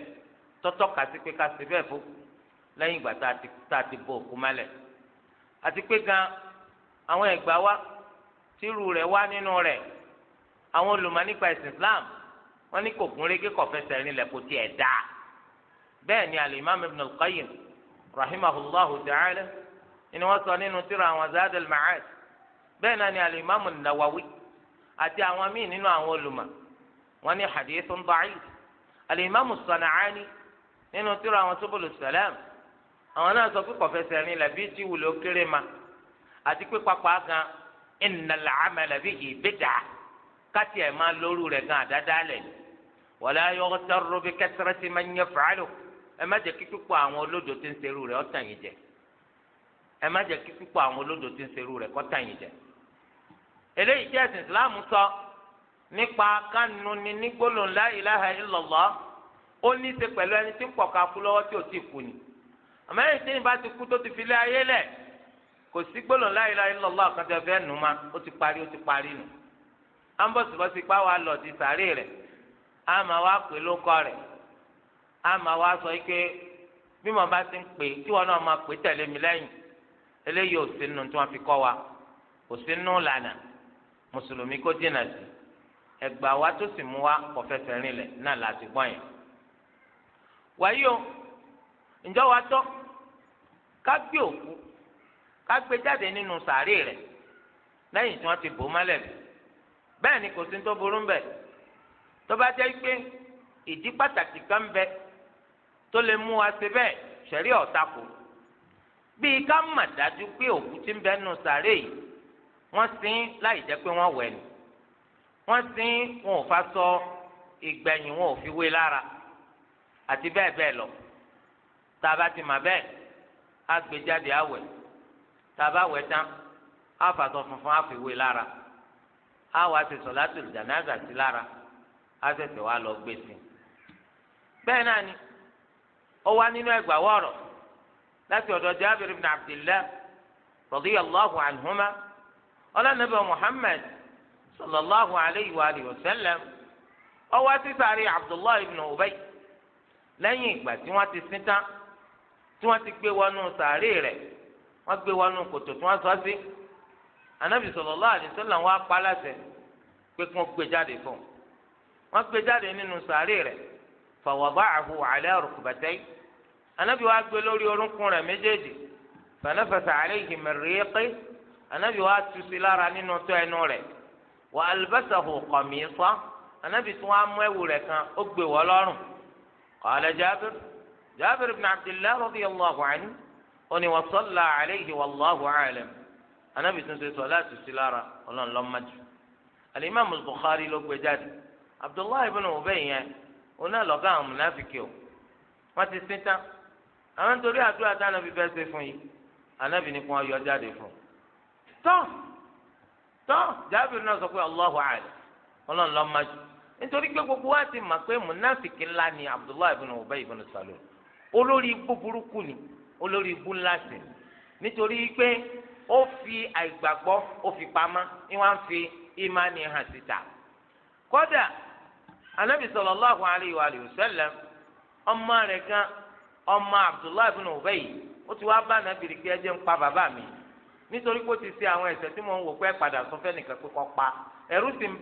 Speaker 1: tọ́tọ́ kà sí pé ká ṣe bẹ́ẹ̀ fún lẹ́yìn ìgbà tá a ti bò òkú mọ́lẹ̀ àti pé gan àwọn ẹgbà wa tírú rẹ̀ wá nínú rẹ̀ àwọn olùmọ̀ nípa ẹ̀sìn Islam wọ́n ní kò gún régé kò fẹsẹ̀ rìn lẹ̀ kò tiẹ̀ dá bẹ́ẹ̀ ni al-Imam Ibn al-Qayyim rahimahullahu ta'ala ni wọ́n sọ nínú tírà àwọn Zad al-Ma'ad bẹ́ẹ̀ náà ni al nawawi àti àwọn míì nínú àwọn olùmọ̀ wọ́n ní hadithun da'if al-Imam nínú tírà àwọn Subul salam àwọn náà sọ pé kọfẹsẹ rìn tí wùlò kéré ma àti pé pápá gan ìnàlà àmà lẹbi ìbẹjà káti ẹ máa lóru rẹ gan àdáda lẹ wọlé ayọwọ bí ti máa ń yẹ fàálù ẹ má jẹ kí púpọ̀ àwọn olódò tí ń serú yìí jẹ ẹ má jẹ kí àwọn olódò tí ń serú yìí jẹ eléyìí sọ nípa kánú ni nígbólóńlá ó ní í pẹ̀lú àmọ́ ẹ̀yìn tí ìbá ti kú tó ti fi lé ayé lẹ̀ kò sí gbólóhùn la ilaha illallah kan tẹ́ fẹ́ nù ma ó ti parí ó ti parí nù à ń bọ̀sibọ́sí pa wà lọ ti sàárè rẹ̀ á máa wá pè lóko rẹ̀ á máa wá sọ pé bí mo bá ti ń pè kí wọn náà máa pè tẹ̀lé mi lẹ́yìn eléyìí ò sí nù tí wọ́n fi kọ́ wa kò sí nù lànà mùsùlùmí kó dínà sí ẹgbà wa tó sì mú wa kò fẹsẹ̀ rinlẹ̀ náà láti gbọ́n yẹn wàyí o ǹjọ́ wa tọ́ ká gbé òkú ká gbé jáde nínú sàárè rẹ̀ lẹ́yìn tí wọ́n ti bò mọ́lẹ̀ bí bẹ́ẹ̀ ni kò sí tó burú bẹ̀ tó bá jẹ́ pé ìdí pàtàkì kan bẹ tó lè mú wa ṣe bẹ́ẹ̀ ṣẹ̀rí ọ̀tá kù bíi ká mà dájú pé òkú ti ń bẹ nínú sàárè yìí wọ́n sin láì jẹ́ pé wọ́n wẹ̀ ni wọ́n sin wọn ò fa sọ ìgbẹ̀yìn wọn ò fi wé lára àti bẹ́ẹ̀ bẹ́ẹ̀ lọ tá a bá ti mà bẹ́ẹ̀ agbèjáde awẹ tàbá wẹ tán àfàtọ funfun àfiwé lára àwọn àṣẹṣọ láti jànáza sí lára àṣẹṣẹ wa lọ gbé sí. bẹ́ẹ̀ náà ni ó wá nínú ẹgbàá wọ̀rọ̀ láti ọ̀dọ̀ Jabir ibn Abdillah radiyallahu anhuma ọlọ́nàbẹ̀ Muhammad sallallahu alayhi wa alihi wa sallam ó wá sí sàréè Abdullah ibn Ubay lẹ́yìn ìgbà tí wọ́n ti sin tán tí wọn ti gbé wọnú sàárè rẹ wọn gbé wọnú kòtò tí wọn sọ sí anabi sallallahu alaihi wasallam wọn apá láṣẹ pé kí wọn gbé jáde fún wọn gbé jáde nínú sàárè rẹ fa wada'ahu ala rukbatayhi anabi wa gbé lórí orúnkún rẹ méjèèjì fa nafatha alayhi min riqihi anabi wa tusi lára nínú tó ẹnu rẹ wa albasahu qamisa anabi tí wọn amú ẹ̀wù rẹ kan ó gbé wọ lọ́rùn qala Jabir. جابر بن عبد الله رضي الله عنه أني وصلى عليه والله أعلم أنا بسنة صلاة السلارة والله لما الإمام البخاري لو بجد عبد الله بن أبي أنا لقاه منافق wọ́n ti sin tán àwọn nítorí àdúrà tí anabi bẹ́ẹ̀ ṣe fún yìí anabi ni kò wọ́n yọ jáde fún un. tọ́ tọ́ jábìrì náà sọ pé Allahu àlẹ́ ọlọ́run lọ́ọ́ máa jù nítorí pé gbogbo wa ti mọ̀ pé mùnáfìkì ńlá ni Abdullahi ibn Ubay ibn Salul olórí ibú burúkú ni olórí ibú ńlá sí nítorí pé ó fi àìgbàgbọ́ ó fi pamọ́ ni wọ́n fi ìmánì hàn síta kódà anabi sallallahu alayhi wa sallam ọmọ rẹ̀ kan ọmọ abdullahi bin ubayi ó ti wá bá anabi rí pé ẹ ń pa bàbá mi nítorí pé ó ti ṣe àwọn tí mo ń wò pé padà sọ fẹ́ nìkan pé pa sì ń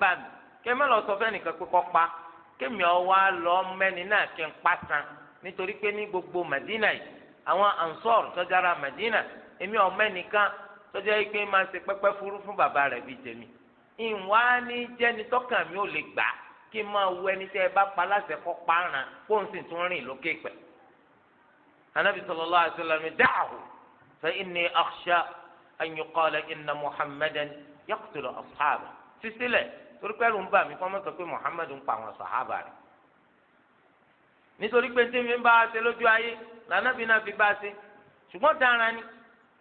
Speaker 1: san nítorí pé ní gbogbo Madina yìí àwọn ansor tọ́jára Madina èmi ọ̀mẹ́ nìkan tọ́jà yìí pé máa ṣe pẹ́pẹ́ furu fún bàbá rẹ̀ bíi tèmi ìwà ni jẹ́ni tọ́kàn mi ò lè gbà kí n máa wo ẹni tẹ́ ẹ bá pa aláṣẹ kọ́ pààràn kó n sì tún rìn lókè pẹ̀. anabi sallallahu alaihi wasallam da'hu fa inni akhsha an yuqala inna muhammadan yaqtulu ashabahu sísílẹ̀ torí pẹ́ẹ́rù ń bà mí kọ́ mọ́tò pé muhammadu ń pa àwọn sàhábà rẹ̀ nítorí pé tí mi bá a ṣe lójú ayé lànàbí náà fi bá a ṣe ṣùgbọ́n dára ni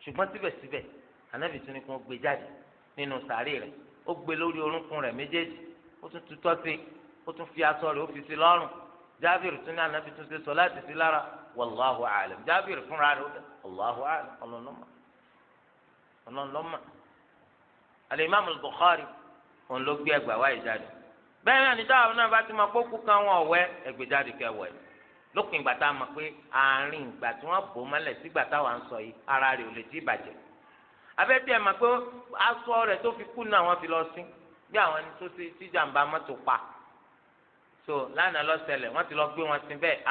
Speaker 1: ṣùgbọ́n síbẹ̀síbẹ̀ ànábì tún ni kò gbé jáde nínú sàárè rẹ̀ ó gbé lórí orúnkún rẹ̀ méjèèjì ó tún tutọ́ sí ó tún fi aṣọ rẹ̀ ó fi sí lọ́rùn jábìrì tún ní ànábì tún ṣe sọ láti sí lára wàláhu àlẹ jábìrì fúnra rẹ̀ ó dẹ wàláhu àlẹ ọlọ́nlọ́mà ọlọ́nlọ́mà Al-Imam bukhari òun ló gbé ẹgbàá wáyé jáde. bẹ́ẹ̀ náà ní táwọn náà bá ti máa kókó kan wọn ọ̀wẹ́ ẹgbẹ́jáde kẹwẹ́ lópin ìgbà tá a mọ̀ pé àárín ìgbà tí wọ́n bò mọ́lẹ̀ sígbà táwọn sọ yìí ara rẹ̀ ò lè tí bàjẹ́ abẹ́tí ẹ̀ mọ̀ pé aṣọ rẹ̀ tó fi kú náà wọ́n fi lọ sí bí àwọn ẹni tó ṣe tíjàmbá mọ́tò pa so lánàá lọ wọ́n ti lọ gbé wọn sí bẹ́ẹ̀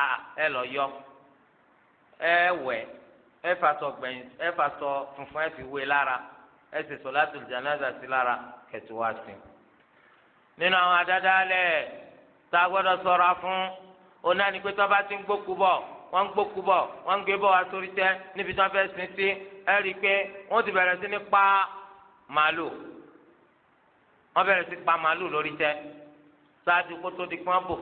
Speaker 1: nínú àwọn àdádálẹ̀ tá a gbọ́dọ̀ fún ni pé tó ti ń gbókù bọ̀ wọ́n ń gbókù bọ̀ wọ́n ń gbé bọ̀ wá sórí tẹ́ níbi tó fẹ́ sin sí ẹ rí i pé wọ́n ti bẹ̀rẹ̀ sí ní pa màálù wọ́n bẹ̀rẹ̀ sí pa màálù lórí tẹ́ ṣáájú kó tó di kí wọ́n bò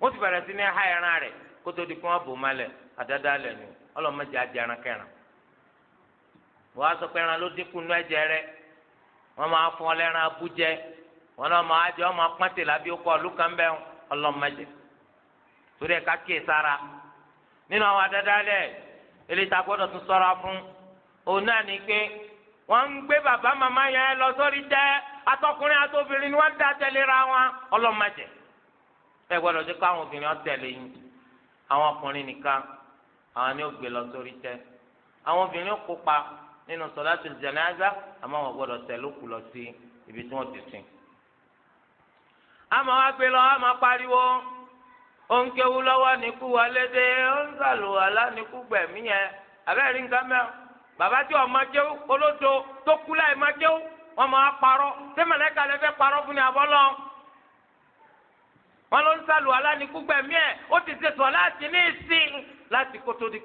Speaker 1: kú ti bẹ̀rẹ̀ sí ní ha ẹran rẹ̀ kó tó di wọ́n bò àdádálẹ̀ ni ọlọ́mọdé wọn náà máa jẹ ọmọ pọ́ńtì lábí ọkọ olùkànbẹ ọlọ́mọdé torí ẹ̀ka kíyè sára nínú àwọn adádálẹ̀ eléyìí a gbọ́dọ̀ tún sọ́ra fún òun náà ni pé wọ́n ń gbé bàbá màmá yẹn lọ sórí tẹ́ atọkùnrin atọbìnrin ni wọ́n dá tẹ̀léra wọn ọlọ́mọdé ẹ gbọ́dọ̀ jẹ́ kó àwọn obìnrin ọ̀tẹ̀lé yín àwọn ọkùnrin nìkan àwọn ni ó gbé lọ sórí tẹ́ àwọn obìnrin kópa nínú sọ̀látù jánásà àmọ́ wọn gbọ́dọ̀ tẹ̀ lókù lọ sí ibi tí wọ́n ti sìn. ama wá lọ ama pariwo ònkéwu lọ́wọ́ nìkú wọlé dé ònkàlù àlá nìkú gbẹ̀mí ala abẹ́rẹ́ nǹkan mẹ́wọ́ bàbá tí ọmọ jẹ́wọ́ olódo ọ kú láì má jẹ́wọ́ wọ́n ma parọ́ sẹ́mẹ̀lẹ́ka lẹ́fẹ́ parọ́ fún ni na wọn ló ń bụ àlá nìkú gbẹ̀mí ẹ̀ ó ti ṣe sọ láti ní ìsìn láti kó ni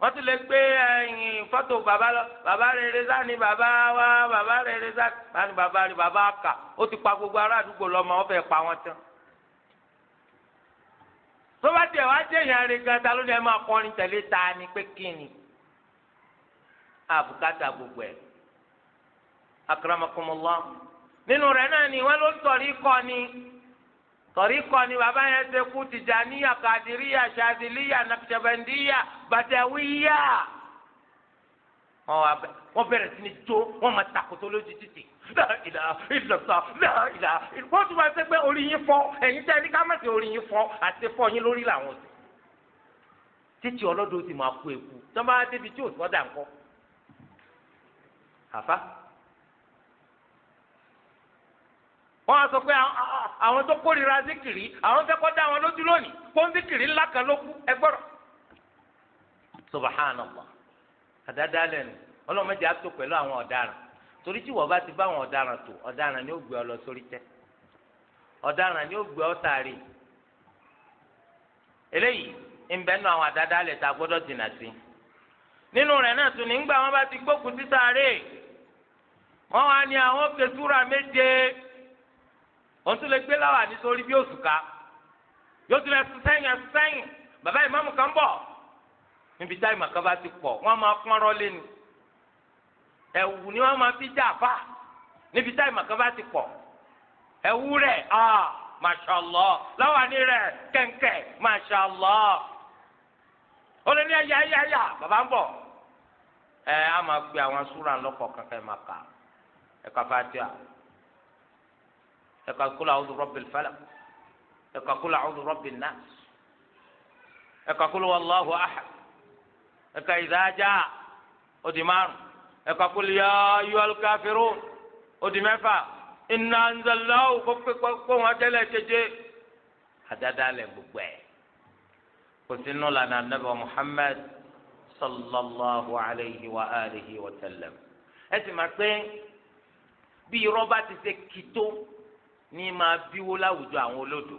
Speaker 1: wọ́n tún lè gbé ẹ̀yìn fọ́tò bàbá lọ bàbá rere sá ni bàbá wa bàbá rere sá ni bàbá ni bàbá kà ó ti pa gbogbo ará àdúgbò lọ́mọ wọ́n fẹ́ pa wọ́n tán. tó bá tiẹ̀ wá jẹ́ ìyàn rẹ̀ gan ta ló ní ẹ máa kọrin tẹ̀lé ta ni pé kí ni. àbùkátà gbogbo ẹ̀ akramakumullah nínú rẹ̀ náà ni wọ́n ló ń tọ̀rí kọ́ ni tọ̀ríkọ ni bàbá yẹn ṣe kú tìjàníyà kàdìríyà ṣàdìlíyà nàkìjàbẹ̀ndíyà bàtẹ̀wíyà. wọ́n bẹ̀rẹ̀ sí ni jó wọ́n máa takòtò lójú títì láìlà ìlọsà láìlà wọ́n tún máa ṣe pé orí yín fọ́ ẹ̀yin tẹ́ ẹni ká má ṣe orí yín fọ́ àti fọ́ yín lórí làwọn sì. títì ọlọ́dún ti máa kú eku tí wọ́n bá débi tí ò sọ́dà ńkọ́. àfa wọn á sọ pé àwọn tó kórìíra zikiri àwọn fẹ́ kọ́ dá àwọn lójú lónìí kó ń zikiri ńlá kan ló kú ẹ gbọ́dọ̀. subhanallah àdáda lẹ́nu ọlọ́mọdé á àwọn ọ̀daràn torí tí wọ́n bá ti bá àwọn ọ̀daràn tó ni ó gbé ọ lọ sórí ni ó gbé ọ tààrí eléyìí àwọn dìnnà sí nínú náà òun gbé láwà nítorí bí òṣùká yóò tún lè sùn sẹ́yìn ẹ̀sùn sẹ́yìn bàbá ìmáàmù kan bọ̀ níbi ti pọ̀ wọ́n máa pọ́nrọ́ lẹ́nu ẹ̀wù ni wọ́n máa fi jà àfà níbi ti pọ̀ ẹ̀wù rẹ̀ ah mashallah láwàní rẹ̀ rẹ mashallah ó ní ẹ̀yà ẹ̀yà ẹ̀yà bàbá ń bọ̀ ẹ̀ gbé àwọn súra kankan máa kà ẹ̀ tí ẹ̀ka kúlọ̀ àwọn rọ́bì falaq ẹ̀ka kúlọ̀ àwọn rọ́bì nas ẹ̀ka kúlọ̀ wallahu ahad ẹ̀ka ìdájà ó di márùn ẹ̀ka kúlọ̀ yá ayyuhal kafirun ó di mẹ́fà inna anzalnahu kó wọn tẹ́lẹ̀ ṣẹṣẹ àdáda lẹ gbogbo ẹ̀ kò sínú lànà Muhammad sallallahu alayhi wa alihi wa sallam ẹ sì máa pé bí irọ́ ti ṣe kìtó ní máa bíwó láwùjọ àwọn olódò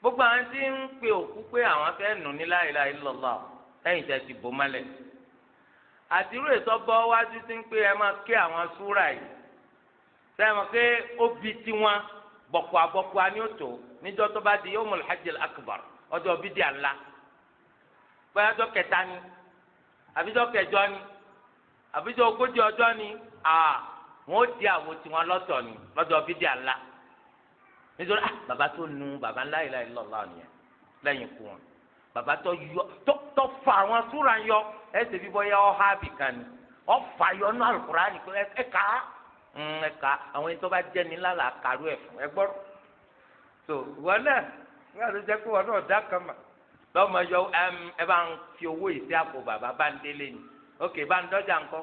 Speaker 1: gbogbo àwọn tí ń pe òkú pé àwọn fẹ́ nù ní la ilaha illallah lẹ́yìn tí a ti bò mọ́lẹ̀ àtirú ètò bọ́ wájú tí ń pe ẹ máa ké àwọn súrà yìí sẹ́wọ̀n pé ó bi tiwọn bọ̀kùà bọ̀kùà ni ó tó níjọ́ tó bá di yawmul hajjil akbar ọjọ́ bídìí àlá báyọjọ kẹta ni àbíjọ kẹjọ ni àbíjọ ogójì ọjọ́ ni àà wọn ó di àwọn tiwọn lọ́tọ̀ ni lọ́jọ́ fídíà ńlá nítorí ah bàbá tó nu bàbá ńlá yìí láì lọ́la kú wọn bàbá tó yọ tó fa àwọn súra yọ ẹsẹ̀ bíbọ́ yẹ ọ́ hábì kan ni ọ́ fà yọ ní alukura ni ẹ kà mm, ẹ kà àwọn ẹni tó bá jẹ́ ni lálẹ́ àkàrú fún ẹ gbọ́rọ̀ so wọn náà wọn àti jẹ́ pé wọn náà dá kan mà lọ́mọ yọ ẹ bá ń fi owó yìí sí àpò bàbá bá ń délé ni ok bá ń dọ́jà ńkọ́.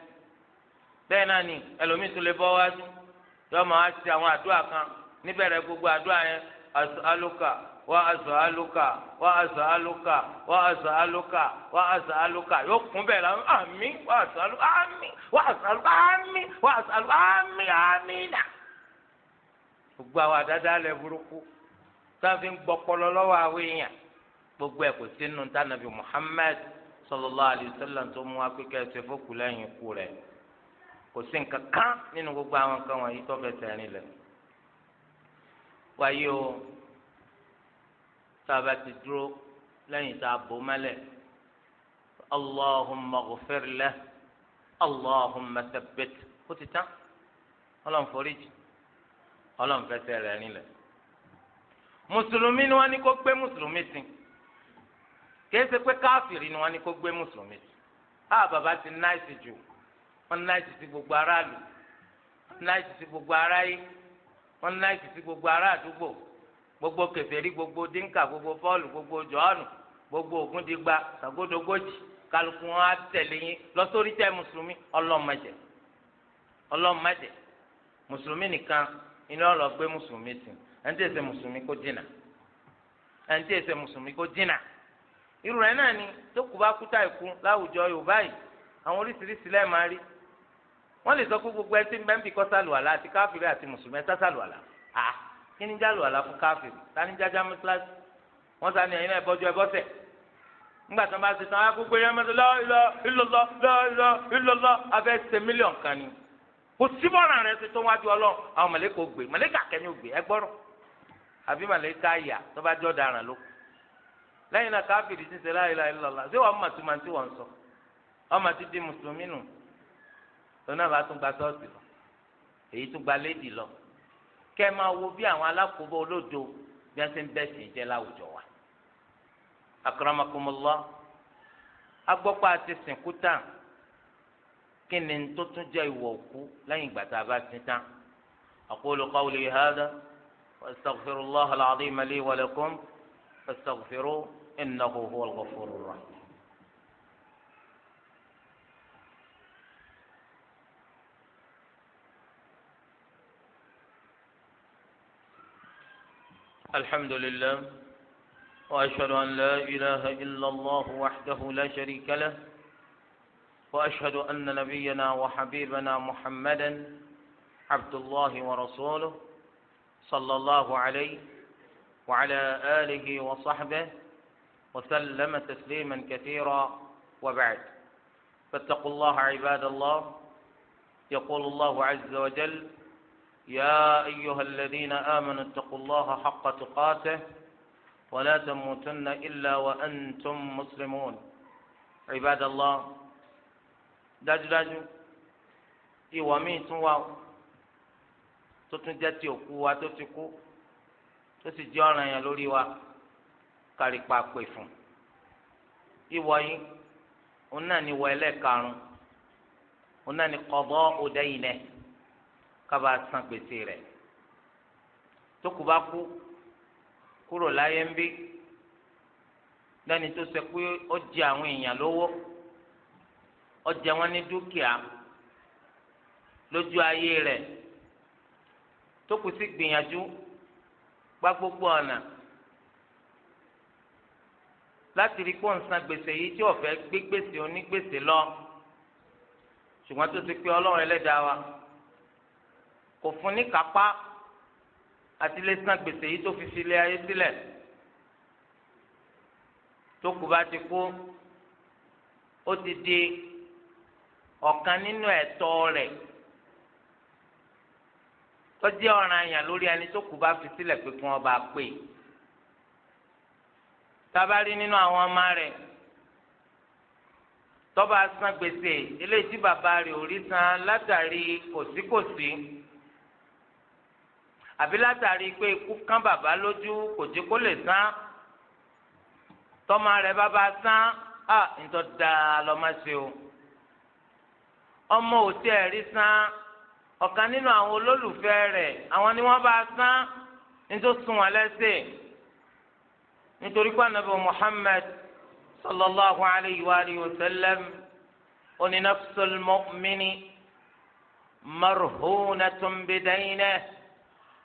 Speaker 1: bẹ́ẹ̀ náà ni ẹlòmíì tún lè bọ́ wájú yọ máa ṣe àwọn àdúrà kan níbẹ̀rẹ̀ gbogbo àdúrà yẹn as'aluka wa as'aluka wa as'aluka wa as'aluka wa as'aluka yóò kún bẹ́ẹ̀ la àmín wa as'aluka àmín wa as'aluka àmín wa as'aluka àmín àmín nà. gbogbo àwọn àdáda lẹ burúkú sáfi ń gbọpọlọ lọ́wọ́ àwọn èèyàn gbogbo ẹ kò sínú tánàbí Muhammad sallallahu alaihi wasallam tó mú wa pé kẹsì fókù lẹ́yìn ikú rẹ̀. kò sí nǹkan kan nínú gbogbo àwọn nǹkan wọ̀nyí tó fẹsẹ̀ rìn lẹ̀ wáyé o sábà ti dúró lẹ́yìn tá a bò allahumma allahumma ó ti tán ọlọ́run foríjì ọlọ́run lẹ̀ mùsùlùmí ni wọ́n ní kó gbé mùsùlùmí sí kìí ṣe pé ni wọ́n ní kó gbé mùsùlùmí sí wọn láìsí sí gbogbo aráàlú wọn láìsí sí gbogbo aráyé wọn láìsí sí gbogbo ará àdúgbò gbogbo kèfèrí gbogbo dínkà gbogbo pọ́ọ̀lù gbogbo jọ́ọ̀nù gbogbo ògúndigba sàgódógójì kálukú wọn á tẹ̀lé yín lọ́sórí tẹ́ mùsùlùmí ọlọ́mọdé ọlọ́mọdé mùsùlùmí nìkan iná ọ̀rọ̀ gbé mùsùlùmí sìn ẹni tí èsè mùsùlùmí kó jìnà ẹni tí mùsùlùmí kó jìnà irú rẹ̀ náà ni tó kù bá kú táìkú láwùjọ Yorùbá yìí àwọn oríṣiríṣi lẹ́ẹ̀ máa rí wọ́n lè sọ pé gbogbo ẹtí ń bẹ́ ń bì kọ́ sálùwàlà àti káfíìrì àti mùsùlùmí ẹ̀ta sálùwàlà à kí ni jálùwàlà fún káfíìrì tani jájá mọ́tíláṣí wọ́n sani ẹ̀yin náà bọ́jú ẹ bọ́sẹ̀ ńgbà tí wọ́n bá ti tán á ah, gbogbo ẹ̀yán mẹ́tọ́ lọ́ọ́ ìlọ́lọ́ lọ́ọ́ ìlọ́lọ́ abẹ́ ṣe mílíọ̀n kan ni kò síbọ̀ràn rẹ ti tó wájú ọlọ́run àwọn mọ̀lẹ́kọ̀ gbé mọ̀lẹ́kà kẹ́ni ò gbé ẹ gbọ́rọ̀ àbí mọ̀lẹ́kà yà tó bá jọ́ daràn ló lẹ́yìn náà káfíìrì ti ṣe láìláìlọ́lá ṣé wàá mọ̀ tó máa ti wọ̀ ń sọ ọmọ ti di mùsùlùmí nù lọ́nà bá tún gba sọ́ọ̀sì lọ èyí tún gba léèdì lọ kẹ́ ẹ máa wo bí àwọn alákòóbọ̀ olódo bí wọ́n ti ń bẹ̀ sí jẹ́ láwùjọ wa. akramakumullah agbọ́pọ̀ àti sìnkú tán kí ni tó tún jẹ́ ìwọ̀ òkú lẹ́yìn ìgbà tá a bá sin tán. aqulu qawli hadha wa astaghfirullaha al-azima li wa lakum fastaghfiruhu innahu huwal الحمد لله وأشهد أن لا إله إلا الله وحده لا شريك له وأشهد أن نبينا وحبيبنا محمدا عبد الله ورسوله صلى الله عليه وعلى آله وصحبه وسلم تسليما كثيرا وبعد فاتقوا الله عباد الله يقول الله عز وجل يا أيها الذين آمنوا اتقوا الله حق تقاته ولا تموتن إلا وأنتم مسلمون عباد الله داج داج إيوامي سواو تتن تتكو تسي جانا يلولي وا كاريك باكو يفون إيواني أناني ويلي قضاء دينه kábàá san gbèsè rẹ̀ tókù bá kú kúrò láyé ń bí lẹ́ni tó sọ pé ó jẹ àwọn èèyàn lówó ó jẹ wọn ní dúkìá lójú ayé rẹ̀ tókù sì gbìyànjú gbá gbogbo ọ̀nà láti rí pọ́ùn san gbèsè yìí tí ọ̀fẹ́ gbé gbèsè onígbèsè lọ ṣùgbọ́n tó ti pé ọlọ́run ẹlẹ́dàá wa kò fún ní kápá àti lè san gbèsè yìí tó fi filé ayé sílẹ̀ tó kù bá ti kú ó ti di ọ̀kan nínú ẹ̀tọ́ rẹ̀ tó jẹ́ ọ̀ranyàn lórí ẹni tó kù bá fi sílẹ̀ pé kí wọ́n bá pè tábàárí nínú àwọn ọmọ rẹ̀ tó san gbèsè eléyìí tí bàbá rẹ̀ ò rí san látàrí kòsíkòsí. Kòsí àbí látàrí pé ikú kán bàbá lójú kò jẹ́ kó lè san tọ́mọ rẹ̀ bá bá san á ntọ́ da lọ́mọ ṣe o ọmọ ò tí ẹ̀ rí san ọ̀kan nínú àwọn olólùfẹ́ rẹ̀ àwọn ni wọ́n bá san nítorí wọn lẹ́sẹ̀ nítorí pé anabi sallallahu alayhi wa alihi wa sallam oní nafsul mu'mini marhunatun bidaynihi.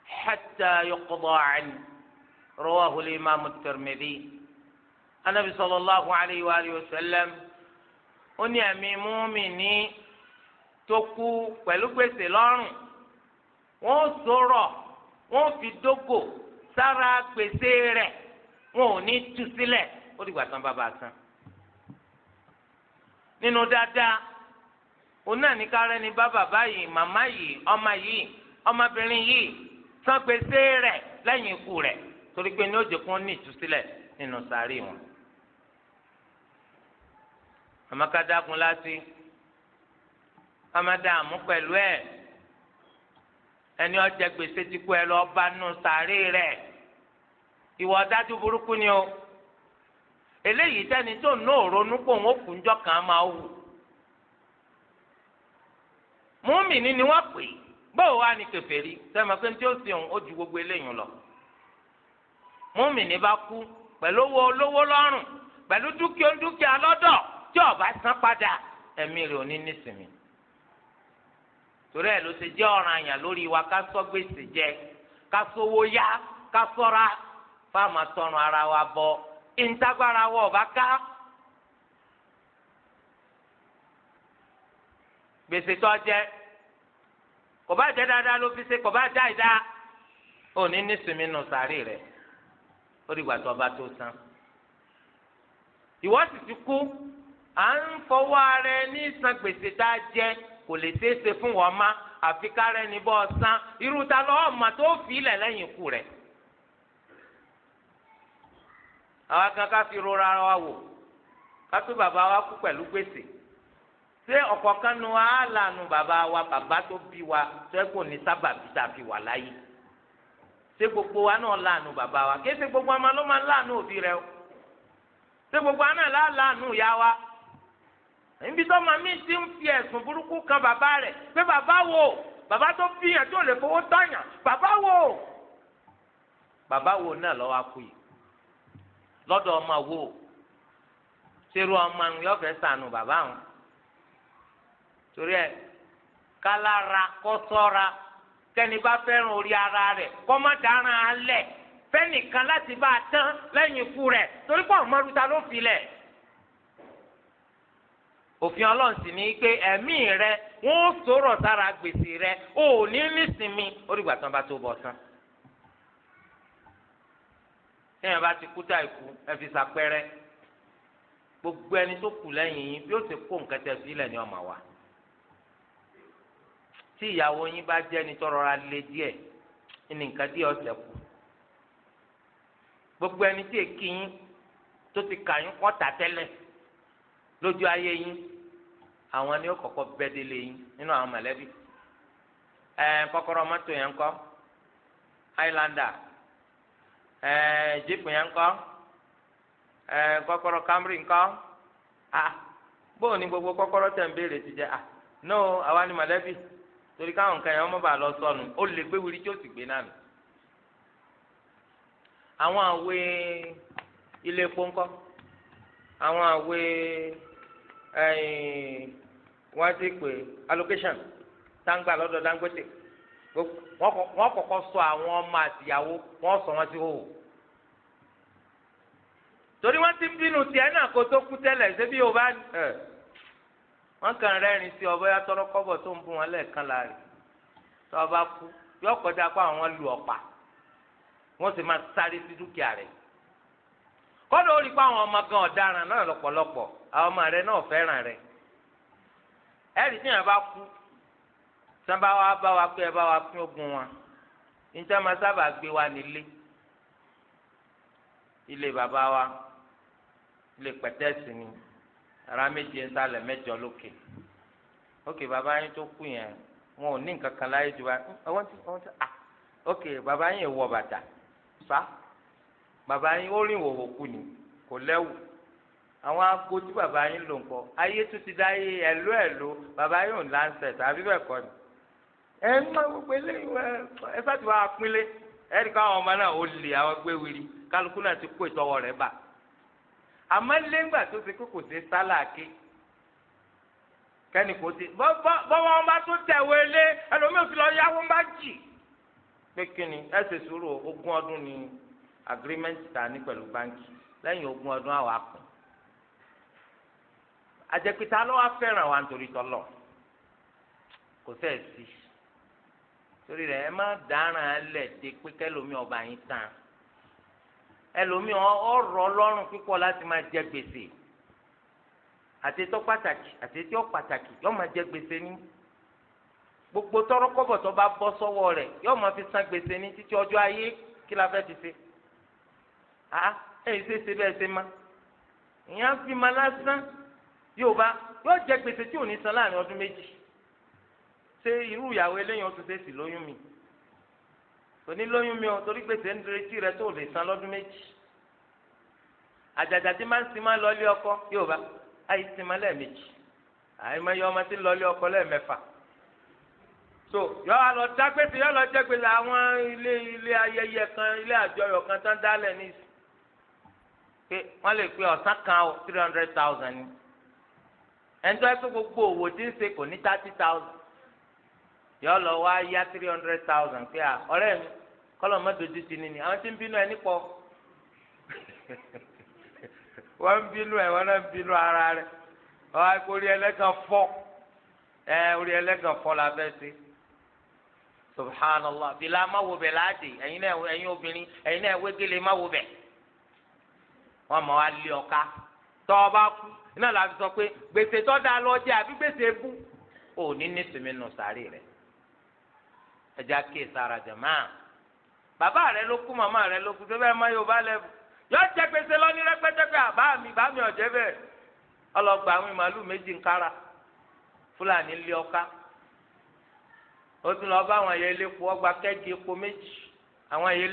Speaker 1: حتى يقضى عنه رواه الإمام الترمذي النبي صلى الله عليه وآله وسلم أن ní ẹ̀mí mùmínì tó kú pẹ̀lú gbèsè lọ́rùn wọn ò sọ̀rọ̀ wọn ò fi dógò sára gbèsè rẹ̀ wọn ò ní tú sílẹ̀ ó dìgbà tán bàbá san nínú dáadáa òun náà ní ká rẹ́ni bá bàbá yìí màmá yìí ọmọ yìí ọmọbìnrin yìí san rẹ rẹ̀ lẹ́yìn ikú rẹ̀ torí pé ní ó jẹ́ kún ní ìtúsílẹ̀ nínú sàárì wọn. àmọ́kádákun láti amadaamu pẹ̀lú ẹ̀ ẹni ọjà gbèsè ti kú ẹ lọ bá nù sàárì rẹ̀ ìwọ dájú burúkú ni o eléyìí tẹni tó ná òrónú pò ń òkùnjọ kan máa wù múmi ni ni wọ́n pè é báwo wá ní kèfèrí sẹ́mi pé tí ó sì ó gbogbo eléyìí lọ. múmìnì bá kú pẹ̀lú owó olówó lọ́rùn pẹ̀lú dúkìá dúkìá lọ́dọ̀ tí ọba san padà ẹ̀mí rẹ̀ ò ní nísìmí. torí ẹ̀ ló jẹ́ ọ̀ràn àyàn lórí wa ká sọ gbèsè jẹ ká sówó yá ká sọ́ra fáàmà tọrùn ara wa bọ ìntagbára wa kò jẹ dáadáa ló fi ṣe kò já ìdá òní nù sàárì rẹ̀ ó dìgbà ọba tó san ìwọ sì ti kú à ń fọwọ́ ara ní san gbèsè tá a jẹ kò lè ṣeé fún wọn má àfi kára ẹni bọ́ san irú ta lọ́wọ́ mà tó fi ilẹ̀ lẹ́yìn ikú rẹ̀ àwa wa wò ká tó wa kú pẹ̀lú gbèsè. ṣé ọ̀kọ̀ọ̀kan nu aláàánú bàbá wa bàbá tó bí wa tó kò ní sábàbí tá a fi wà láyé ṣé gbogbo wa náà láàánú bàbá wa kí ṣe gbogbo ọmọ ló máa ń láàánú òbí rẹ o ṣé gbogbo wa náà láàánú ìyá wa níbi tó máa mí ti ń fi ẹ̀sùn burúkú kan bàbá rẹ̀ pé bàbá wo bàbá tó bí yàn tó lè fowó tọ̀yàn bàbá wo bàbá wo náà lọ́wọ́ akú yìí lọ́dọ̀ ọmọ wo ṣerú ọmọ àwọn yọ̀ọ́fẹ́ sànù bàbá àwọn torí ẹ kálára kọ́sọ́ra kẹ́ni bá fẹ́ràn orí ara rẹ̀ kọ́ má dára alẹ̀ fẹ́nìkan láti bá a tán lẹ́yìn ikú rẹ̀ torí pé àwọn ọmọdúta ló filẹ̀ òfin ọlọ́run sì ní pé ẹ̀mí rẹ wọ́n sọ̀rọ̀ sára gbèsè rẹ ò ní nísìmí orígbà tán bá tó bọ̀ tán. téèyàn bá ti kú tá ìkú ẹ fi ṣàpẹẹrẹ gbogbo ẹni tó kù lẹ́yìn yìí bí ó ti kó nǹkan tẹ̀ sílẹ̀ ni ọmọ wa. tí ìyàwó yín bá jẹ́ ẹni tó rọra lé díẹ̀ ní nǹkan gbogbo ẹni tí èkì yín tó ti kà yín kọ́ta tẹ́lẹ̀ lójú ayé yín àwọn ni ó kọ́kọ́ yín nínú àwọn mọ̀lẹ́bí ẹ̀ẹ́n kọ́kọ́rọ́ mọ́tò yẹn kọ́ ẹ̀ẹ́n yẹn kọ́ ẹ̀ẹ́n kọ́kọ́rọ́ kọ́ ah ni gbogbo kọ́kọ́rọ́ tẹ̀ ń béèrè ti ah no torí káwọn nǹkan yẹn wọn bá lọ sọnù ó lè gbé wuli tí ó sì gbé náà àwọn àwe ilé epo àwọn àwe wọn ti pè allocation tangba lọ́dọ̀ Dangote wọn kọ́kọ́ sọ àwọn ọmọ àtìyàwó wọn sọ wọn sí hòhò torí wọn ti ń bínú tiẹ̀ náà kó tó kú tẹ́lẹ̀ ṣé bí o bá ẹ wọn kàn rẹ́rìn sí ọbẹ̀ yàtọ̀rọ̀ kọ́bọ̀ tó ń bù wọn lẹ́ẹ̀kan láàrin tó ọba kú yọ kọjá pé àwọn lu ọ̀pá wọn sì máa sáré sí dúkìá rẹ̀ kọ́dọ̀ ó rí pé àwọn ọmọ gan ọ̀daràn náà lọ́pọ̀lọpọ̀ àwọn ọmọ rẹ̀ náà fẹ́ràn rẹ̀ ẹ̀rí tí yẹn bá kú sábà wá bá wa pé ẹ bá wa pín ogún wa níta máa sábà gbé wa nílé ilé bàbá wa ilé pẹ̀tẹ́sì ni ara méje ń sálẹ̀ mẹ́jọ lókè ókè bàbá yín tó kú yẹn wọn ò ní nǹkan kan láyé ju báyìí ọwọ́n ti ọwọ́n ti à ah, ókè bàbá yín wọ bàtà fa bàbá yín ó rìn wòwò kù ni kò lẹ́wù àwọn aago tí bàbá yín lò ń kọ ayé tún ti dá yé ẹ̀lú ẹ̀lú bàbá yín ò ń láǹṣẹ̀ tàbí bẹ́ẹ̀ kọ́ ni ẹ ń mọ gbogbo eléyìí ẹ fẹ́ ti wá pínlẹ̀ ẹ̀ẹ́dì káwọn ọmọ náà ó lè àwọn gbé wiri kálukú náà ti kó ìtọ́wọ́ rẹ̀ bá àmọ́ lẹ́ngbà tó ṣe kókò ṣe sálàkì kẹ́ni kò ṣe bọ́wọ́ bá tó tẹ̀wé lé ẹlòmíì òfin lọ yáwó bá jì pé ni agreement ta ní pẹ̀lú báńkì lẹ́yìn ogún ọdún àwọn akùn àjẹpìtà lọ́wọ́ fẹ́ràn wa nítorí tọ́lọ̀ kò fẹ́ẹ̀ sí torí rẹ̀ ẹ má dáràn án lẹ̀ dé pé kẹ́lòmíì ọba yín ẹlòmíì ọrọ̀ ọlọ́run pípọ̀ láti máa jẹ gbèsè àtẹtọ́ pàtàkì àtẹtọ́ pàtàkì yóò máa jẹ gbèsè ní gbogbo tọrọ kọ́bọ̀ tó bá bọ́ sọ́wọ́ rẹ̀ yóò máa fi san gbèsè ní títí ọjọ́ ayé kí la fẹ́ ti ṣe a ẹ̀yìn ṣe ṣe bẹ́ẹ̀ ṣe ma ìyá fi ma lásán yóò bá yóò jẹ gbèsè tí ò ní san láàrin ọdún méjì ṣé irú ìyàwó eléyìí ó ṣe sì lóyún mi onílóyún mi ò torí gbèsè ń rẹ tó lè san lọ́dún méjì àjàjà tí máa ń sin máa ń lọ ilé ọkọ yóò bá àyè sin máa lẹ́ẹ̀mejì àyè máa yọ ọmọ tí ń lọ ilé ọkọ lẹ́ẹ̀mẹ́fà so yọ àlọ dágbèsè yọ lọ jẹgbèsè àwọn ilé ilé ayẹyẹ kan ilé àjọyọ̀ kan tán dálẹ̀ ní ìsìn pé wọ́n lè pe ọ̀sán kan three hundred thousand ni ẹnjọ́ pé gbogbo òwò tí ń ṣe kò ní thirty thousand yọ lọ wá yá three hundred thousand mi má dojú ti ni ni àwọn tí ń bínú ẹ nípọ̀ wọ́n ń bínú ẹ wọ́n náà ń bínú ara orí ẹ orí la ṣe subhanallah bìlà má wo láàdì náà obìnrin náà wégele má wo lé ọ bá kú iná làbí sọ pé gbèsè tọ́ da lọ àbí gbèsè bú ní sinmi ẹja ké sara jama bàbá rẹ ló kú màmá rẹ ló kú tó bẹ́ẹ̀ má yóò bá lẹ́bù yóò jẹ gbèsè lọ́ní rẹ́pẹ́tẹ́pẹ́ àbá mi bá mi ọ̀jẹ́ bẹ́ẹ̀ ọlọ́gba àwọn màálù méjì ń kára fúlàní lé ọká ó tún lọ bá àwọn ẹ̀yẹ ọgbà epo méjì àwọn ẹ̀yẹ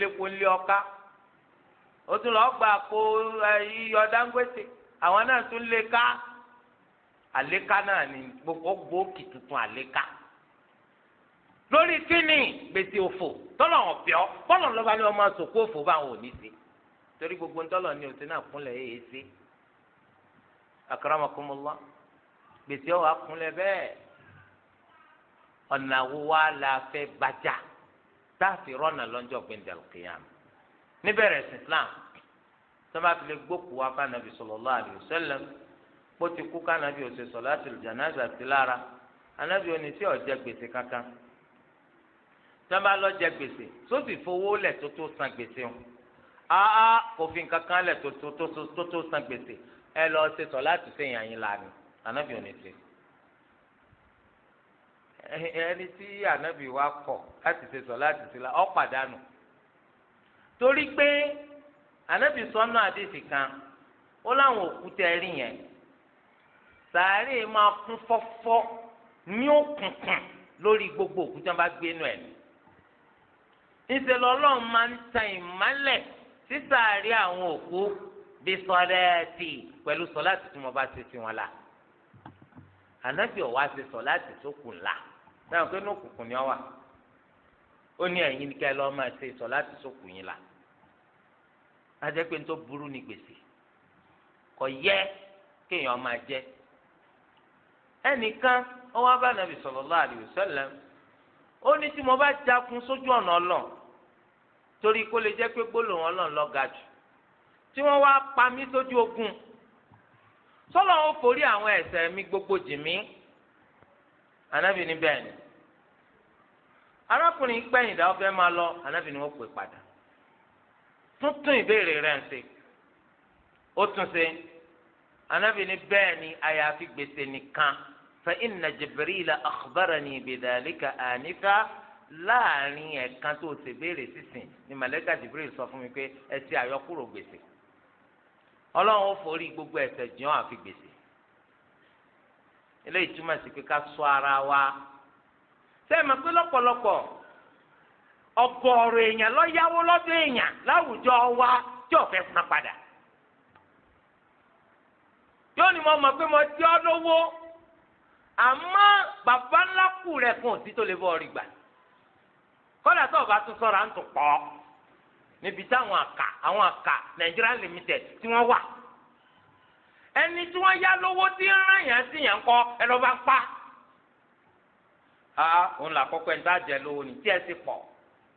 Speaker 1: ń lórí kíni gbèsè òfò tọ́lọ̀ ọ̀bíọ́ bọ́lọ̀ lọ́ba ni wọ́n máa sòkó òfò báwọn ò ní sí torí gbogbo ńtọ́lọ̀ ni òsín náà kúnlẹ̀ èyí sí akramakumullah gbèsè ọ̀wà kúnlẹ̀ bẹ́ẹ̀ ọ̀nà wo wá la fẹ́ bàjá táàfì rọ́nà lọ́jọ́ gbẹ̀ndẹ̀lùkìyàm níbẹ̀rẹ̀ sí Islam tọ́ba fi lè gbókùú wa kánàbì sallallahu alaihi wasallam kó ti kú kánàbì òsè sọ̀lá àti ìjànàzà sí tí wọn bá lọ jẹ gbèsè tó sì fowó lẹ tó tó san gbèsè o aa kò fi nǹkan kan lẹ tó tó tó tó san gbèsè ẹ lọ ṣe sọ láti ṣe yàn yín lánàá ànábì ò ní ṣe ẹni tí ànábì wa kọ̀ láti ṣe sọ láti ṣe la ọ pàdánù torí pé ànábì sọnù àdìsí kan ó láwọn òkúta ẹrí yẹn sàárè máa kún fọ́fọ́ ní òkùnkùn lórí gbogbo òkúta bá gbé nù ẹ̀ ní níṣẹ́ lọ́lọ́run máa ń tan ìmálẹ̀ sísàárì àwọn òkú bí sọ́láàtì pẹ̀lú sọ́láàtì tí wọ́n bá ṣe tiwọn la ànábì ọ̀wá ṣe sọ́láàtì tó kù ńlá táwọn pé ní òkùnkùn ni ọ wà ó ní ẹ̀yin ní ká ẹ lọ́ọ́ máa ṣe sọ́láàtì tó kù yín la ajẹ́ pé ní burú ni gbèsè kò yẹ kéèyàn máa jẹ ẹnìkan ó wá bá nàbì sallallahu alaihi ó ní tí mo bá jagun sójú ọ̀nà ọlọ́n torí kó lè jẹ́ pé gbólóhùn ọlọ́n lọ ga jù tí wọ́n wá pa mí sójú ogun sọ́lọ́ ó forí àwọn ẹ̀ṣẹ̀ mi gbogbo jì mí ànábì ní bẹ́ẹ̀ ni arákùnrin gbẹ̀yìndà ọ̀fẹ́ máa lọ ànábì ni wọ́n pè padà tuntun ìbéèrè rẹ̀ ń ṣe ó tún se ànábì ní bẹ́ẹ̀ ni àyàfi gbèsè nìkan. فإن جبريل أخبرني بذلك آنفا láàrin ẹ̀kan tó ṣe béèrè sísìn ni màlẹ́kà jibril sọ fún mi pé ẹ ṣe àyọkúrò gbèsè ọlọ́run ó forí gbogbo ẹ̀ṣẹ̀ jìn ọ́ àfi gbèsè eléyìí túmọ̀ sí pé ká sọ ara wa ṣé ẹ mọ̀ pé lọ́pọ̀lọpọ̀ ọ̀gọ̀ọ̀rọ̀ èèyàn lọ́yáwó lọ́dọ̀ èèyàn láwùjọ wa tí ò fẹ́ san padà yóò ní mo mọ̀ pé mo jẹ́ ọ́ lówó àmọ́ bàbá ńlá kù rẹ̀ kùn sí tó lè bọ́ ọ̀rì gbà kọ́dà tó o bá tún sọ̀rọ̀ à ń tún pọ̀ níbi táwọn àkà àwọn àkà Nigeria limited tí wọ́n wà ẹni tí wọ́n yá lówó tí ń rán yàn sí yàn kọ́ ẹ lọ́ bá ń pa aa ah, òun là kọ́kọ́ ẹni tá a jẹ lówó ni tí ẹ ti pọ̀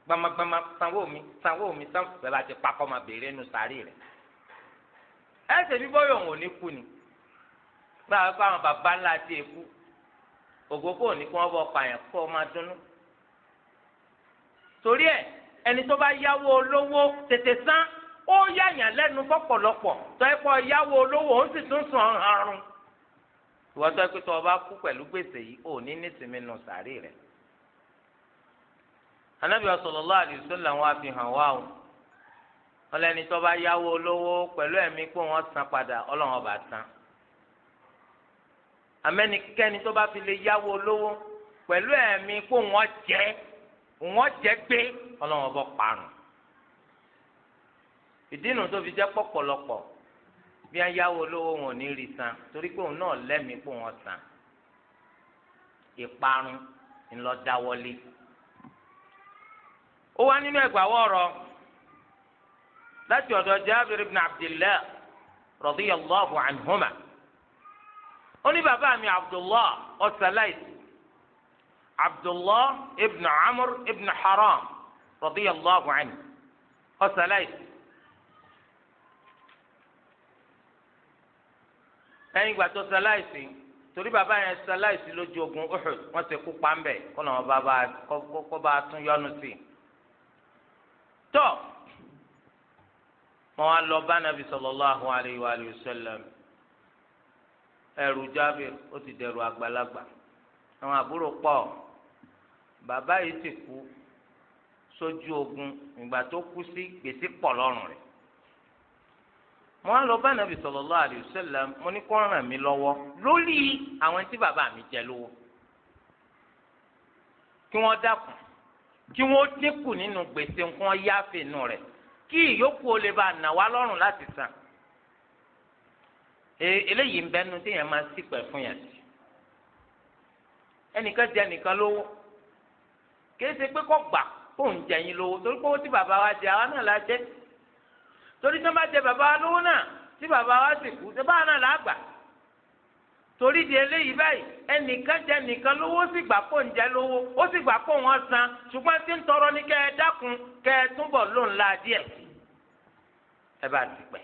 Speaker 1: gbamagbama sanwó mi sanwó mi sanwó mi la ti pa kọ́ ma béèrè nu sàárì rẹ̀ ẹsẹ̀ bíbọ́ yòówó ní kú ni gbàgbọ́ àwọn bàbá ńlá ti èkú ògógó ni kí wọ́n bọ pààyàn kó o máa dunnú torí ẹ ẹni tó bá yáwó olówó tètè san ó yàyàn lẹ́nu pọ̀pọ̀lọpọ̀ tó ẹ kọ́ yáwó olówó ó sì tún sùn ọ̀hún ìwọ́n tó ẹ pé tó o bá kú pẹ̀lú gbèsè yìí ò ní nísìmí nù sàárè rẹ̀ anabi sallallahu alaihi wasallam wá fi hàn wá o ọlẹ́ni tó bá yáwó olówó pẹ̀lú ẹ̀mí pé wọ́n san padà ọlọ́run ọba san amẹ́nikẹ́ni tó bá fi lè yáwó olówó pẹ̀lú ẹ̀mí kó wọ́n jẹ́ wọ́n jẹ́ gbé ọlọ́wọ́n bọ́ parun ìdínú tó fi jẹ́ pọ̀pọ̀lọpọ̀ bí wọ́n yáwó olówó wọn ò ní rí san torí pé òun náà lẹ́mìí kó wọ́n san ìparun ńlọdáwọlé ó wá nínú ẹgbàá wọ̀rọ̀ láti ọ̀dọ̀ Jabir ibn Abdillah radiyallahu anhuma ó ní bàbá mi abdullah ọ̀sálàìsì abdullah ibn amr ibn haram radiyallahu anhu ọ̀sálàìsì. lẹ́yìn ìgbà tó ṣaláìsí torí bàbá yẹn ṣaláìsí lójú ogun Uhud wọ́n ti kú pàmbẹ́ kó náà bàbá kó bá tún yọnu sí i. tó wọ́n á lọ bá nàbì sallallahu alayhi wa sallam ẹrù jábìr ó ti dẹrù àgbàlagbà àwọn àbúrò pọ̀ bàbá yìí ti kú sójú ogun ìgbà tó kú sí gbèsè pọ̀ lọ́rùn rẹ̀ mo á lọ bá nàbì sallallahu alaihi wasallam mo ní kó ràn mí lọ́wọ́ lórí àwọn tí bàbá mi jẹ lówó kí wọ́n dákun kí wọ́n dínkù nínú gbèsè nǹkan yáfẹ́ nù rẹ̀ kí ìyókù ó lè bá nà wá lọ́rùn láti san E, eléyìí ń bẹnu téèyàn máa ṣìpẹ̀ fún yàn sí ẹnìkan jẹ ẹnìkan lówó kìí ṣe pé kọ́ gbà kó ń jẹ yín lówó torí pé ó ti bàbá wa jẹ àwa náà la jẹ torí tó bá jẹ bàbá wa lówó náà tí bàbá wa sì kú ṣe báwa náà la gbà torí di eléyìí báyìí ẹnìkan jẹ ẹnìkan lówó ó sì gbà kó ń jẹ lówó ó sì gbà kó wọn san ṣùgbọ́n tí ń tọrọ ní kẹ́ ẹ dákun kẹ́ ẹ túbọ̀ lóun la díẹ̀ ẹ bá ti pẹ́.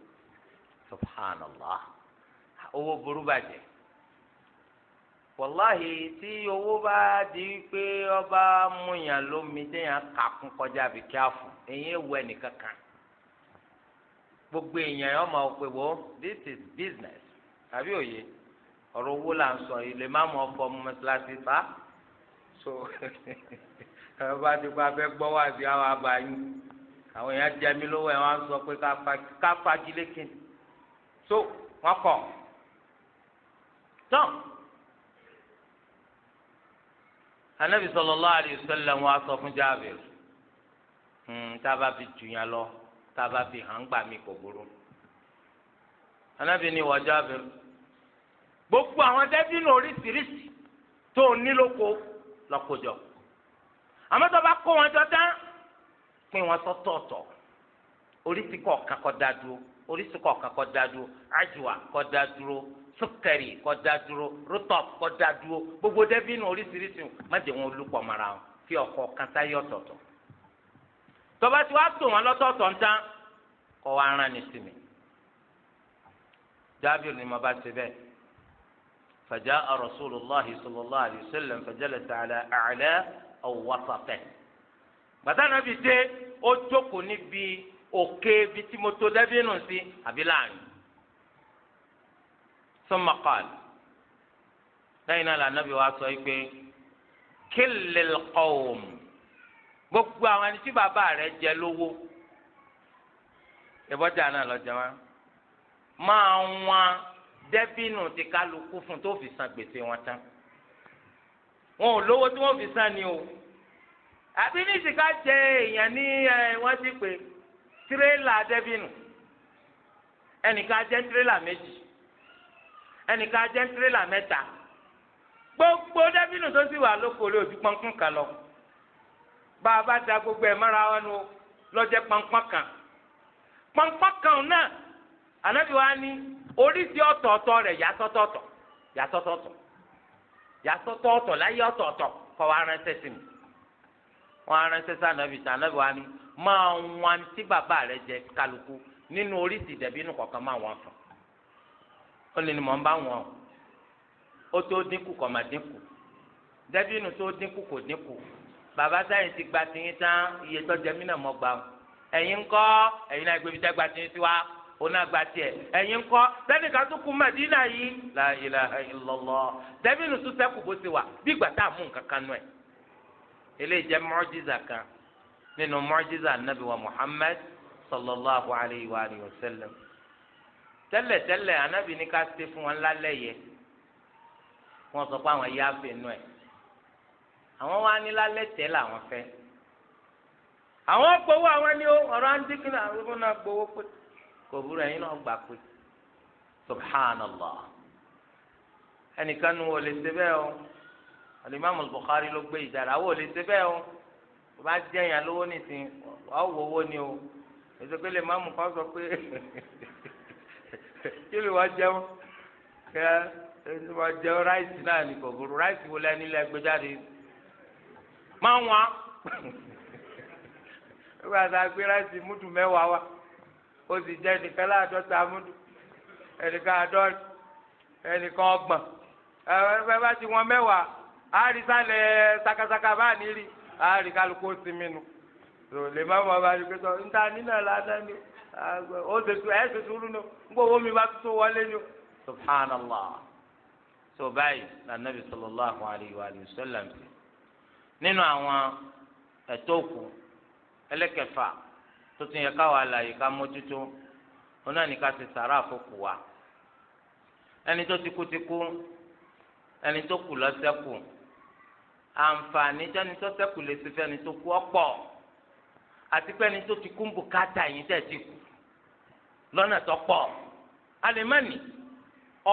Speaker 1: subhanallah owó burú bàjẹ́ wàláhì tí owó bá di pé ọba múyàn lómi déyàn kàkún kọjá àbí kíáfù èyí wọ ẹnìkan kan gbogbo èèyàn ọmọ òpè wo this is business àbí òye ọ̀rọ̀ owó là ń sọ yìí lè má mọ ọkọ mọ́ṣáláṣí fa so ẹ̀rọ bá ti pa fẹ́ gbọ́ wá sí àwọn àbáyé àwọn èèyàn jẹ mí lówó ẹ̀ wọ́n sọ pé ká fagilé kìnnì tó wọn kọ̀ tán. anabi sallallahu alayhi wa sallam wọn aṣọ fún Jábìr hmm, tába fi jù yẹn lọ tába fi hàn gbà mí kò burú anabi ni wọ Jábìr gbogbo àwọn dẹ́bínú oríṣiríṣi tó o ní lóko bá kó wọn jọ tán pín wọn sọ́tọ̀ọ̀tọ̀ oríṣi kọ̀ọ̀kan kọ́ da dúró orísun kọ̀ọ̀kan kọ́ da dúró ajwa kọ́ da dúró sukari kọ́ da dúró rotop kọ́ da dúró gbogbo dẹ́bínú oríṣiríṣi má jẹ́ wọn mara wọn fi ọkọ̀ kata sáyé ọ̀tọ̀ọ̀tọ̀ tọba tí wàá tò wọn lọ́tọ̀ọ̀tọ̀ ń tán kọ́ wa rán ni sí mi ni mo bá ti bẹ́ẹ̀ fàjà arọ́sọ́lùláhi sọlọ́lá fàjẹ́lẹ̀ tààlà àlẹ́ gbàtà náà fi òkè ibi tí mo tó dẹ́bínú sí àbí láàrin summa qala lẹ́yìn náà lànàbí wa sọ pé killil qawm gbogbo àwọn ẹni tí bàbá rẹ̀ jẹ lówó ìbọjà náà lọ́jọ́ wa máa wọn dẹ́bínú ti kálukú fún tó fi san gbèsè wọn tán wọn ò lówó tí wọ́n fi san ni o àbí ní ìsìnká jẹ èèyàn ní ẹ wọ́n ti pè é tirẹ́là dẹ́bìnù ẹnìkan ajẹ́ tirẹ́là méjì ẹnìkan ajẹ́ tirẹ́là mẹ́ta gbogbo dẹ́bìnù tó sì wà lóko lé ojú pọ́npọ́n kan lọ bá a bá da gbogbo ẹ̀ mọ́ra wọn nu lọ́jẹ́ pọ́npọ́n kan pọ́npọ́n kan náà ànábì wa ní oríṣi ọ̀tọ̀ọ̀tọ̀ rẹ̀ yàtọ̀tọ̀tọ̀ yàtọ̀tọ̀tọ̀ yàtọ̀tọ̀tọ̀ láyé ọ̀tọ̀ọ̀tọ̀ kọ́ wa ránṣẹ́ sí mi wọ́n ránṣẹ́ sí ànábì sí ànábì wa ní máa wọn tí bàbá rẹ jẹ kálukú nínú oríṣi dẹbínú kọ̀ọ̀kan máa wọn fún ó lè ní mọ̀ ń bá wọn ó tó dínkù kọ̀ máa dínkù dẹbínú tó dínkù kò dínkù bàbá sáyẹn ti gba tiyín tán iye tọ́jà mí náà mọ̀ gbà wọn ẹ̀yin ńkọ́ ẹ̀yin náà gbébi tẹ́ gba tiyín sí wa ona gba tiẹ ẹ̀yin ńkọ́ sani ka tó kun Madina yi la ilaha illallah dẹbi nusu sẹku bó ti wa bí gbàtà mú nǹkankan nù ẹ eléyìí jẹ mọjiza nínú mọ́jísà nàbì wa muhammed sallallahu alayhi wa alihi wa sallam tẹ́lẹ̀tẹ́lẹ̀ anabi ní ká ṣe fún wọn lálẹ́ yẹ wọ́n sọ pé àwọn yá fẹ́nu ẹ̀ àwọn wá ní lálẹ́ tẹ́ làwọn fẹ́ àwọn gbowó àwọn ni ó ọ̀rọ̀ andiki náà àwọn náà gbowó pé kò burú ẹ̀yin náà gbà pé subhanallah ẹnìkan nu wò lè o alimami bukhari ló gbé ìdára wò lè o tó bá jẹ́ èèyàn lówó nìsín ọ̀wọ́ owó ni o èso pé lè sọ pé kí ló wá jẹun kẹ èso wá jẹun ráìsì náà ní kòkòrò ráìsì wo lẹ́ni lẹ́ gbé jáde máa wá nígbà tá a gbé ráìsì múdù mẹ́wàá wa ó sì jẹ́ ẹnìkan láàdọ́ta múdù ẹnìkan àádọ́rin ẹnìkan ọgbọ̀n ẹ bá ti wọn mẹ́wàá á sálẹ̀ sakasaka báà ní rí. á rí kálukú ó le ma lè má mọ abájú sọ ni o ṣètò ẹ ṣètò rú ni nígbà owó mi bá tó wọlé ni. subhanallah tó báyìí lànàbì sallallahu alayhi wa sallam nínú àwọn ẹ̀tọ́ òkú ẹlẹ́kẹfà tó ti yẹ káwa ká mójútó náà ní ká sàrà àfọkù wa ẹni tó ti kú ti kú ẹni àǹfààní jẹ́ni tó ṣẹ́kù lè ṣe fẹ́ni tó kú ọ̀pọ̀ àti pẹ́ni tó ti kú ń bùkátà yín tẹ̀ ti kú lọ́nà tó pọ̀ alimani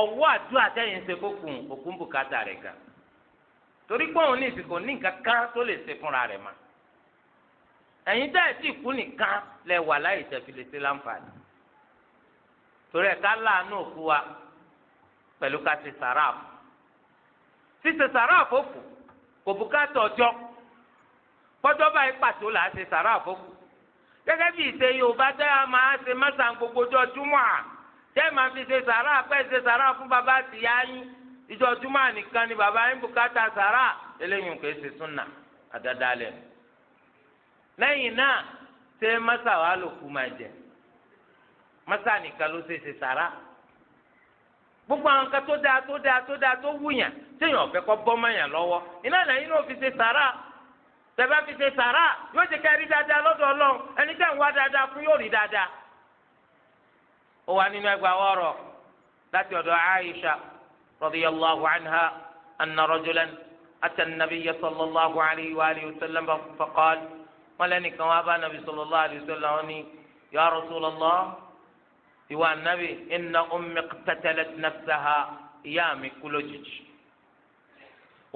Speaker 1: ọwọ́ àdúrà tẹ̀yìn ṣe kó kun òkú ń bùkátà rẹ̀ ga torí pé òun ní ìsìnkú ní nǹkan kan tó lè ṣe fúnra rẹ̀ ma ẹ̀yin tẹ̀ ti kú nìkan lẹ wà láyé ìṣẹ̀fìlẹ̀ sí láǹfààní torí ẹ̀ ká láàánú òkú wa pẹ̀lú ká ti sàráàfù ṣíṣe sàráàfù òkú. kò bùkátà ọjọ́ kpọ́jọ́ báyìí pàtó là á ṣe sàrà àfọ́kù gẹ́gẹ́ bí ìṣe yorùbá tẹ́ a máa ṣe mẹ́sàn gbogbo ọjọ́ júmọ́ à tẹ́ se fi ṣe sàrà pẹ́ ṣe sàrà fún ti àtìyá yín ìjọ júmọ́ nìkan ni bàbá yín bùkátà sàrà eléyìí kò ṣe súnà àdáadáa náà wà máa jẹ nìkan ló ṣe ṣe sàrà. gbogbo àwọn kan tó dáa tó dáa tó dáa tó wúyàn téèyàn ọ̀fẹ́ kọ́ bọ́mọ̀yàn lọ́wọ́ iná lẹ́yìn náà fi ṣe sàrà tẹ̀bá fi ṣe sàrà yóò ṣe kẹ́rí dáadáa lọ́dọ̀ ọlọ́run ẹni tẹ́ ń wá dáadáa fún yóò rí dáadáa. ó wà nínú ẹgbàá wọ́ọ̀rọ̀ láti ọ̀dọ̀ Aisha radiyallahu anha anna rajulan ata nabiyya sallallahu alayhi wa alayhi wa sallam ìwà ànábì inna ummi qatalat nafsaha ìyá mi kú lójijì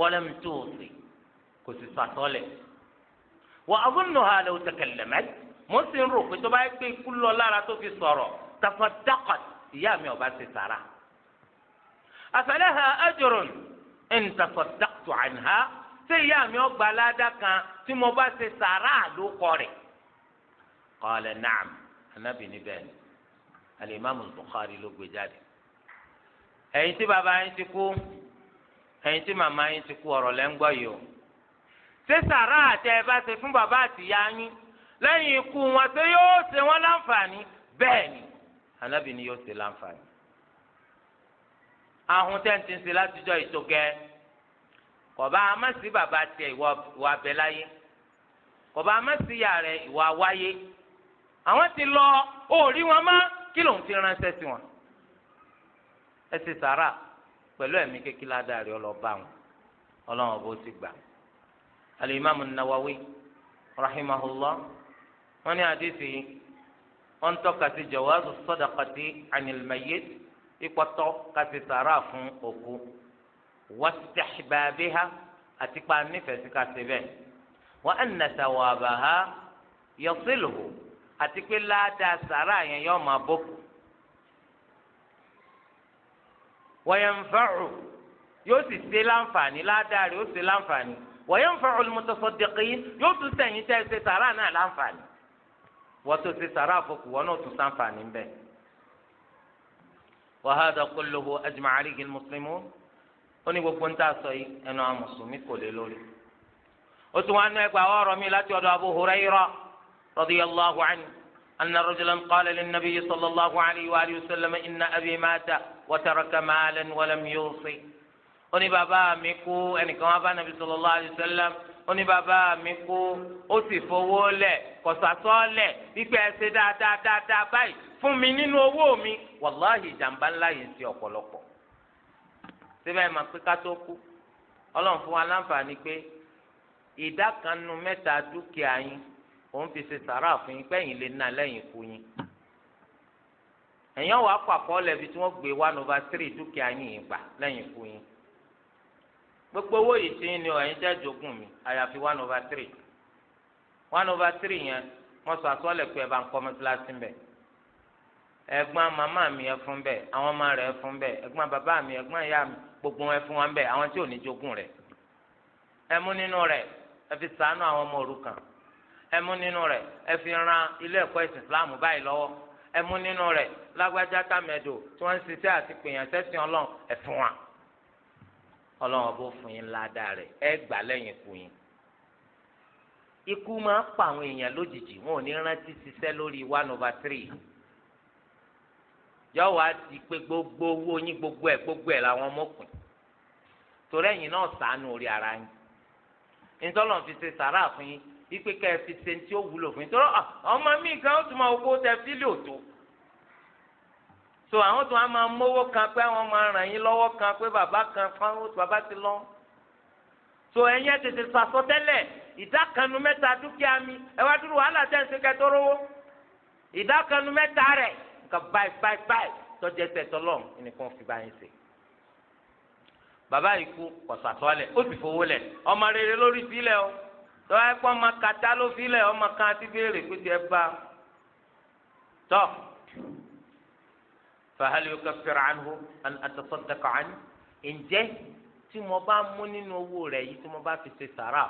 Speaker 1: walam tuuti kò sì sàtọ́lẹ̀ wa azunnuha law takallamat mo sì ń rò pé tó bá yẹ pé ikú lọ lára tó fi sọ̀rọ̀ tafaddaqat ìyá mi ò bá ti sàrà afalaha ajrun in tafaddaqtu anha ṣé ìyá mi ọgbà aládá kan tí mo bá ṣe sàrà ló kọ qala na'am anábì níbẹ̀ ni alimami Bukhari ló gbé jáde ẹ̀yin tí bàbá yín ti kú ẹ̀yin tí màmá yín ti kú ọ̀rọ̀ lẹ ń gbọ́ yìí o ṣé sàrà àtẹ ẹ bá ṣe fún bàbá àtìyá yín lẹ́yìn ikú wọn ṣé yóò ṣe wọn láǹfààní bẹ́ẹ̀ ni anábì ni yóò ṣe láǹfààní ahun tẹ́ǹtì ń ṣe látijọ́ ìtòkẹ́ kọ̀bá amásí bàbá tiẹ̀ ìwà abẹ láyé kọ̀bá amásí yàrá ìwà wáyé àwọn ti lọ òòrí wọn máa kí lòun fi ránṣẹ́ sí wọn ẹ ṣe sàrà pẹ̀lú ẹ̀mí kékeré adarí ọlọ́ba wọn ọlọ́run ọba ó ti gbà alimami nawawi rahimahullah wọn ní àdìsí wọn tọ́ka sí jawazu sadaqati anil mayyit ikpọtọ kasi sàrà fún òkú wastihbabiha àti pa nífẹ̀ẹ́ sí kasi bẹ́ẹ̀ wa anna thawabaha yasiluhu àti pé ládàá sàrà yẹn yọ máa bọ́ kù wọ́yẹ̀nfẹ́rù yóò sì ṣe láǹfààní ládàá rẹ̀ yóò ṣe láǹfààní wọ́yẹ̀nfẹ́rù al-mutasaddiqin yóò tún sẹ̀yìn tẹ́ ṣe sàrà náà láǹfààní wọ́n tó ṣe sàrà àfọkù wọn náà tún sáǹfààní bẹ́ẹ̀. wa hadha kulluhu ajma'a ó ní gbogbo ń tà yìí ẹnu àwọn mùsùlùmí kò lé lórí. ó tún wá ná ẹgbàá ọ̀rọ̀ رضي الله عنه أن رجلا قال للنبي صلى الله عليه وآله وسلم إن أبي مات وترك مالا ولم يوصي oni bàbá mi kú ẹnìkan wá bá nàbí sallallahu alaihi wasallam oni bàbá mi kú ó sì fowó lẹ kọsàtọ lẹ gbígbẹ ẹsẹ dáadáa dáadáa báyìí fún mi nínú owó mi wàláhì ìjàmbá ńlá yìí ti ọ̀pọ̀lọpọ̀ síbẹ̀ mà pé ká tó kú ọlọ́run fún wa láǹfààní pé ìdá kan nu mẹ́ta dúkìá yín òun fi ṣe sàrà fún yín pẹ́yìn lè ná lẹ́yìn ikú yín ẹ̀yàn wàá kọ́ àkọọ́lẹ̀ bí tí wọ́n gbé one over three dúkìá yín yìí gbà lẹ́yìn ikú yín gbogbo owó yìí ti ní ọ̀yìn jẹ́ jogún mi àyàfi one over three one over three yẹn wọ́n sọ àsọ́lẹ̀ pé ẹ bá ń kọ́ ẹ̀gbọ́n màmá mi ẹ fún bẹ́ẹ̀ àwọn ọmọ rẹ̀ fún bẹ́ẹ̀ ẹ̀gbọ́n bàbá mi ẹ̀gbọ́n ìyá gbogbo ẹ mú nínú rẹ̀ ẹ fi ran ilé ẹ̀kọ́ ẹ̀sìn islam báyìí lọ́wọ́ ẹ mú nínú rẹ̀ lágbájá tàmẹ̀dò tí wọ́n ń ṣiṣẹ́ àti pèèyàn sẹ́sìn ọlọ́run ẹ fún wa ọlọ́run ọbọ̀ fún yín ládàá rẹ̀ ẹ gbà lẹ́yìn kù yín ikú máa ń pa àwọn èèyàn lójijì wọn ò ní rántí ṣiṣẹ́ lórí one over three yọ wá di pé gbogbo owó yín gbogbo ẹ gbogbo ẹ làwọn ọmọkùn torí ẹ̀yin náà ṣàánú orí ara yín ntọ́lọ̀ fi ṣe sàrà fún yín ipe ká ẹ fi ṣe tí ó wúlò fún ah, ọmọ mi kan ó tún máa owó tẹ fílì òtó so àwọn tó wá máa mówó kan pé àwọn máa ràn yín lọ́wọ́ kan pé bàbá kan fáwọn tó bàbá ti lọ so ẹ̀yin ẹ̀ tètè sàsọtẹ́lẹ̀ ìdákanu mẹ́ta dúkìá mi ẹ wá dúró wàhálà tẹ̀ ń ṣe kẹtọ́ rówó ìdákanu mẹ́ta rẹ̀ nǹkan báyìí báyìí báyìí tọ́jú ẹsẹ̀ tọ́lọ́ nìkan fi báyìí ṣe bàbá yìí kú kọ̀sàtọ́lẹ̀ ó sì fowó lẹ̀ ọmọ rere lórí sílẹ̀ o tọ́wọ́ ẹ̀pọ́ ọmọ kata ló filẹ̀ ọmọ kan ti béèrè pé tiẹ̀ bá tọ́ fahal yukaffiru anhu an atasaddaqa anhu ǹjẹ́ tí mo bá mú nínú owó rẹ̀ yìí tí mo bá fi ṣe sàrà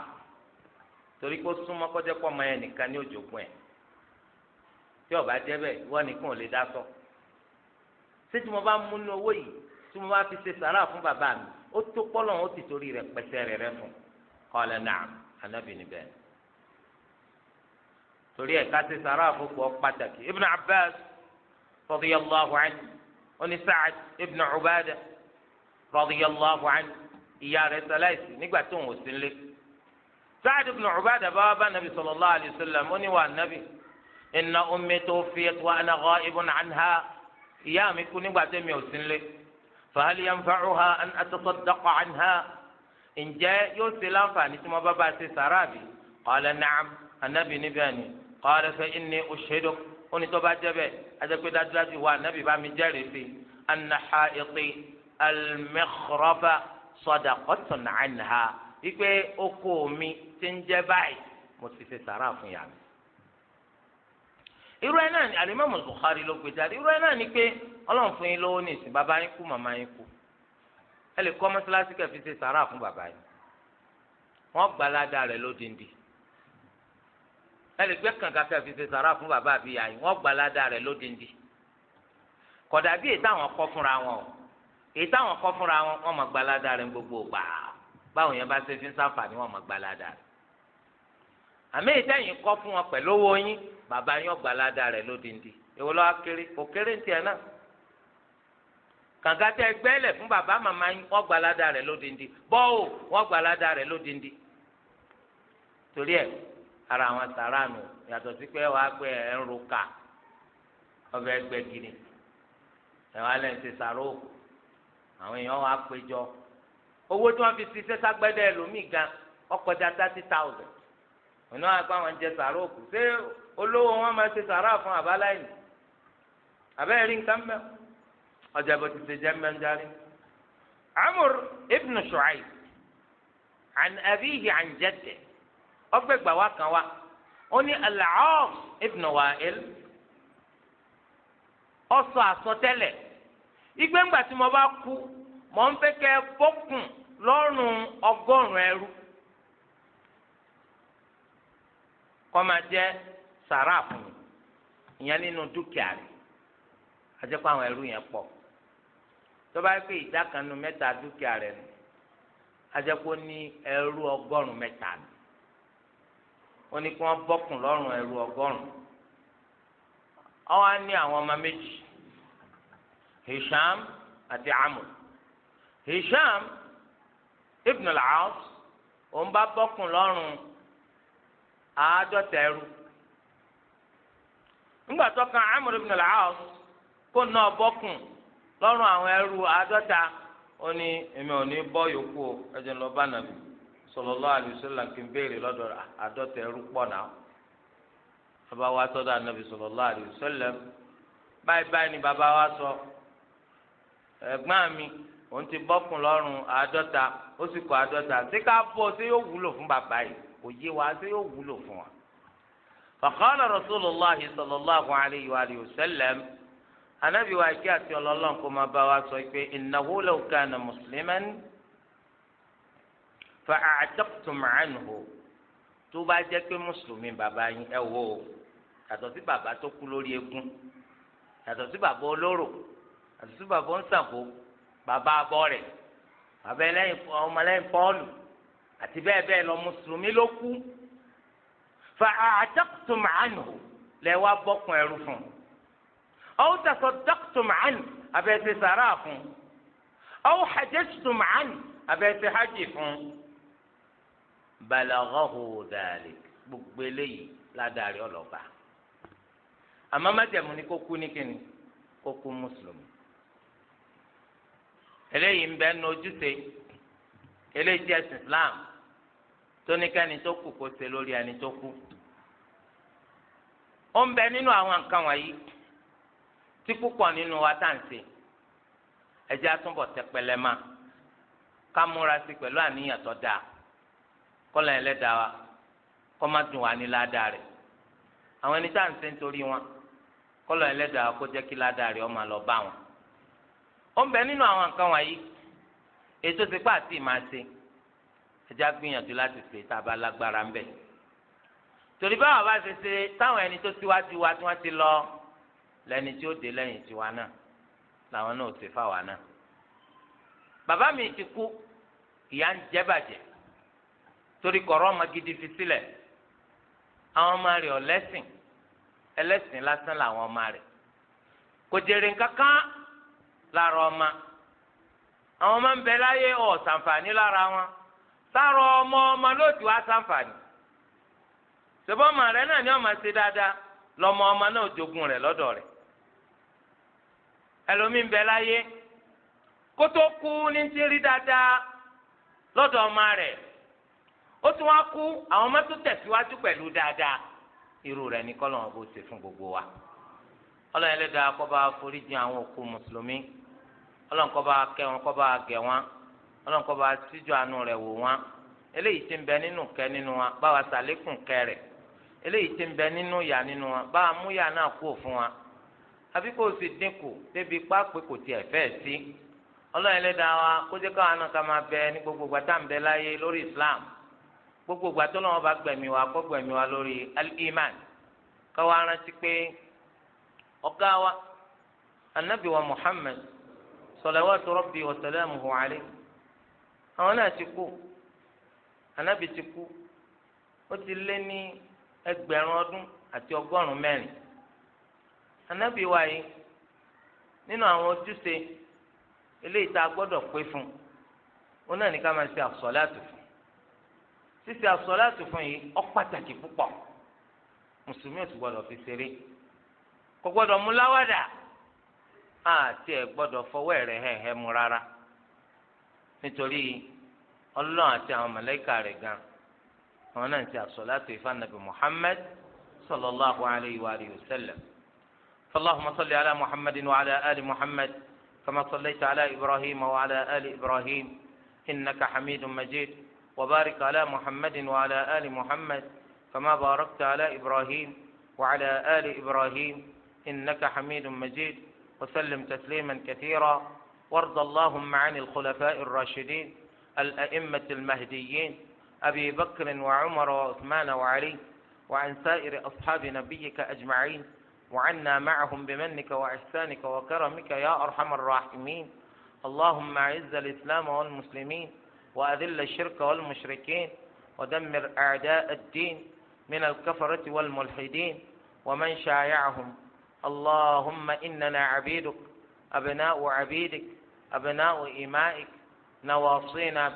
Speaker 1: torí kó súnmọ́ kọ́jẹ́ pọ́ ọmọ yẹn nìkan ní òjòkun ẹ̀ tí ó bá jẹ́ bẹ́ẹ̀ wọ́n nìkan ò lè dá sọ ṣé tí mo bá mú nínú owó yìí tí mo bá fi ṣe sàrà fún bàbá mi ó tó pọ́lọ́ ó ti torí rẹ̀ pẹ́sẹ́ rẹ̀ rẹ̀ fún qala anabi níbẹ̀ torí ẹ̀ ká ti sàrà àfọ̀pọ̀ pàtàkì ibn abbas radiyallahu anhu oní sa'ad ibn ubadah radiyallahu anhu ìyá rẹ̀ sàláìsì nígbà tó ń wò sí nílé sa'ad ibn ubadah bá wà bá nabi sallallahu alayhi wa sallam ó ní wà nabi inna ummi tuwfiyat wa ana ghaibun anha ìyá mi kú nígbà tó mi ò sí nílé fa hal an atasaddaqa anha ǹjẹ́ yóò ṣe láǹfààní tí wọ́n bá bá ṣe sàràbí qala na'am anábì níbẹ̀ ni qala fa inni ushhiduk ó ní tó bá jẹ́ bẹ́ẹ̀ ajẹ́pẹ́ dájúdájú wa anábì bá mi jẹ́rìí sí anna ha'iti al-mikhrafa sadaqatan anha wípé oko mi ti ń jẹ́ báyìí mo ti ṣe sàrà fún yàrá mi irú ẹ náà ni alimami Bukhari ló gbé jáde irú ẹ náà ni pé ọlọ́run fún yín lówó ní ìsìn bàbá yín kú màmá yín kú ẹ lè kọ́ mọ́sálásí kẹfì ṣe sàrà fún bàbá yìí wọ́n gbalada rẹ̀ lódindi ẹ lè gbé kànga kẹfì ṣe sàrà fún bàbá àbíyá yìí wọ́n gbalada rẹ̀ lódindi kódà bí èyí táwọn kọ́ fúnra wọn o èyí táwọn kọ́ fúnra wọn wọ́n máa gbalada rẹ̀ gbogbo gbà báwọn yẹn bá ṣe fi ń sáfàní wọ́n máa gbalada rẹ̀ àmì èyí táyìn kọ́ fún wọn pẹ̀lú owó yín bàbá yín ọ̀gbalada rẹ̀ lódindi èwo lọ́wọ́ kéré kò kéré ní tiẹ̀ náà kàga tẹ gbẹ́lẹ̀ fún bàbá màmá yín wọ́n gba aládàá rẹ̀ lódindi bọ́ọ̀ wọ́n gba aládàá rẹ̀ lódindi torí ẹ̀ ara àwọn sàránù yàtọ̀ sí pé wàá gbé ẹ̀ ń ro kà ọbẹ̀ gbẹ gini ẹ̀ lẹ́yìn ti sàrò àwọn èèyàn wàá péjọ owó tí wọ́n fi ti sẹ́sà gbẹ́dẹ́ lómìn gan ọkọjà thirty thousand ònà àgbà wọn jẹ sàrò kù ṣé olówó wọn máa ṣe sàrà fún àbáláyìn àbẹ́rẹ́ rí nǹkan mẹ́wàá ọjà bó ti ṣe jẹ́ mẹ́ndarí. amur ibn shu'aib an abiyihi an jẹtẹ ọgbẹ gbà wá kan wá ó ní al-aas ibn wa'il ọsọ àsọtẹ́lẹ̀ ìgbẹ́ngbà tí mo bá kú mo ń fẹ́ kẹ́ bọ́kùn lọ́rùn ọgọ́rùn ẹrú kọ́ máa jẹ́ ìyẹn nínú dúkìá rẹ̀ ajẹ́pọ̀ àwọn ẹrú yẹn pọ̀ tó bá pé ìdá kan nu mẹ́ta dúkìá rẹ̀ nù ajẹ́pọ̀ ní ẹrú ọgọ́rùn-ún mẹ́ta nù ó ní kí wọ́n bọ́kùn lọ́rùn ẹrú ọgọ́rùn-ún ọwọ́ á ní àwọn ọmọ méjì Hisham àti Amr Hisham ibn al-As òun bá bọ́kùn lọ́rùn àádọ́ta ẹrú ńgbà tó kan Amr ibn al-As kó náà bọ́kùn. lọ́rùn àwọn ẹrú àádọ́ta ó ní èmi ò ní bọ́ yòókù o ẹ̀jẹ̀ lọ bá nàbì sallallahu alaihi wasallam kí n béèrè lọ́dọ̀ àádọ́ta ẹrú pọ̀ náà bàbá wa sọ́dọ̀ ànàbì báyìí báyìí ni bàbá wa sọ ẹ̀gbọ́n mi òun ti bọ́kùn lọ́rùn àádọ́ta ó sì kọ àádọ́ta ṣé ká bọ́ ṣé yóò wúlò fún bàbá yìí kò yé wa yóò wúlò fún wa. anabi wa ike àti ọlọ́lọ́n kò máa bá wa sọ pé innahu law kana musliman fa a'taqtum anhu tó bá jẹ́ pé mùsùlùmí bàbá yín ẹ wò ó yàtọ̀ sí bàbá tó kú lórí egun yàtọ̀ sí bàbá olóró yàtọ̀ sí bàbá ńsàkó bàbá abọ́rẹ̀ bàbá ẹlẹ́yìn ọmọlẹ́yìn pọ́ọ̀lù àti bẹ́ẹ̀ bẹ́ẹ̀ lọ mùsùlùmí ló kú fa a'taqtum anhu lẹ́wà bọ́kùn ẹrú fún un. أو تصدقتم عنه أبيت سراف أو حججتم عنه أبيت حجف بلغه ذلك بقبلي لا داري ولا àmọ́ májàmú ni kó kú ní kíni kó kú mùsùlùmí. eléyìí ń bẹ nu Islam tó ní kó ṣe lórí ẹni tó kú. ó ń bẹ nínú tí púpọ̀ nínú wa tá à ń ṣe ẹ jẹ́ àtúbọ̀ tẹpẹlẹ ma ká múra sí pẹ̀lú àníyàn tó dáa kọ́lá ẹlẹ́dàá wa kọ́ má dùn wá ní ládàá rẹ̀ àwọn ẹni tá à ń ṣe nítorí wọn kọ́lá ẹlẹ́dàá wa kó jẹ́ kí ládàá rẹ̀ ó máa lọ bá wọn. ó ń bẹ nínú àwọn nǹkan wọ̀nyí ètò ìsìnkú àti ìmáa ṣe ẹ àgbìyànjú láti ṣe tá a bá lágbára ń bẹ torí báwa bá ṣe ṣe táwọn ẹni tó síwájú wa tí wọ́n ti lọ lẹni tí ó dé lẹ́yìn tiwa náà làwọn náà ò sì fáwa náà bàbá mi ti kú ìyá ń jẹ bàjẹ́ torí kọrọ ọmọ gidi fi sílẹ̀ àwọn ọmọ rẹ̀ ọlẹ́sìn ẹlẹ́sìn lásán làwọn ọmọ rẹ̀ kò jèrè kankan lára ọmọ àwọn ọmọ ń bẹ láyé ọ lára wọn sára ọmọ ọmọ lójú á ṣùgbọ́n ọmọ rẹ̀ náà ni ọmọ ṣe dáadáa lọmọ ọmọ náà jogun rẹ̀ lọ́dọ̀ rẹ̀ ẹlòmíín bẹ láyé tó kú ní ti rí dáadáa lọ́dọ̀ ọmọ rẹ̀ ó tún wá kú àwọn ọmọ tó pẹ̀lú dáadáa irú rẹ̀ ní fún gbogbo wa àwọn òkú mùsùlùmí wọn nínú kẹ nínú wa báwa eléyìí nínú yà nínú wa báwa mú yà náà kú wa àbí kò sì dínkù débi pápẹ́ kò tiẹ̀ fẹ́ sí ọlọ́run ẹlẹ́dàá wa kó jẹ́ káwọn náà ká máa bẹ ní gbogbo gbàtà ń bẹ láyé lórí islam gbogbo gbàtà bá gbẹ̀mí wa kó gbẹ̀mí wa lórí al-iman káwọn arántí pé ọ̀gá wa anabi wa muhammed salawatu rabbi wa salamuhu alayhi àwọn náà ti kú anabi ti kú ó ti lé ní ẹgbẹ̀rún ọdún àti ọgọ́rùn-ún mẹ́rin anábì wa yìí nínú àwọn ojúṣe eléyìí tá a gbọ́dọ̀ pé fún un náà ní ká máa ṣe àsọ̀láàtù fún ṣíṣe àsọ̀láàtù fún yìí ó pàtàkì púpọ̀ mùsùlùmí ò sì gbọ́dọ̀ fi ṣeré kò gbọ́dọ̀ mú láwàdà àti ẹ̀ gbọ́dọ̀ fọwọ́ ẹ̀rẹ̀ hẹ̀hẹ̀ mu rárá nítorí ọlọ́run àti àwọn mọ̀lẹ́kà rẹ̀ gan àwọn náà ti àsọ̀láàtù ìfànàbì Muhammad sallallahu alayhi wa sallam. فاللهم صل على محمد وعلى آل محمد كما صليت على إبراهيم وعلى آل إبراهيم إنك حميد مجيد وبارك على محمد وعلى آل محمد كما باركت على إبراهيم وعلى آل إبراهيم إنك حميد مجيد وسلم تسليما كثيرا وارض اللهم عن الخلفاء الراشدين الأئمة المهديين أبي بكر وعمر وعثمان وعلي وعن سائر أصحاب نبيك أجمعين وعنا معهم بمنك وإحسانك وكرمك يا أرحم الراحمين اللهم أعز الإسلام والمسلمين وأذل الشرك والمشركين ودمر أعداء الدين من الكفرة والملحدين ومن شايعهم اللهم إننا عبيدك أبناء عبيدك أبناء إمائك نواصينا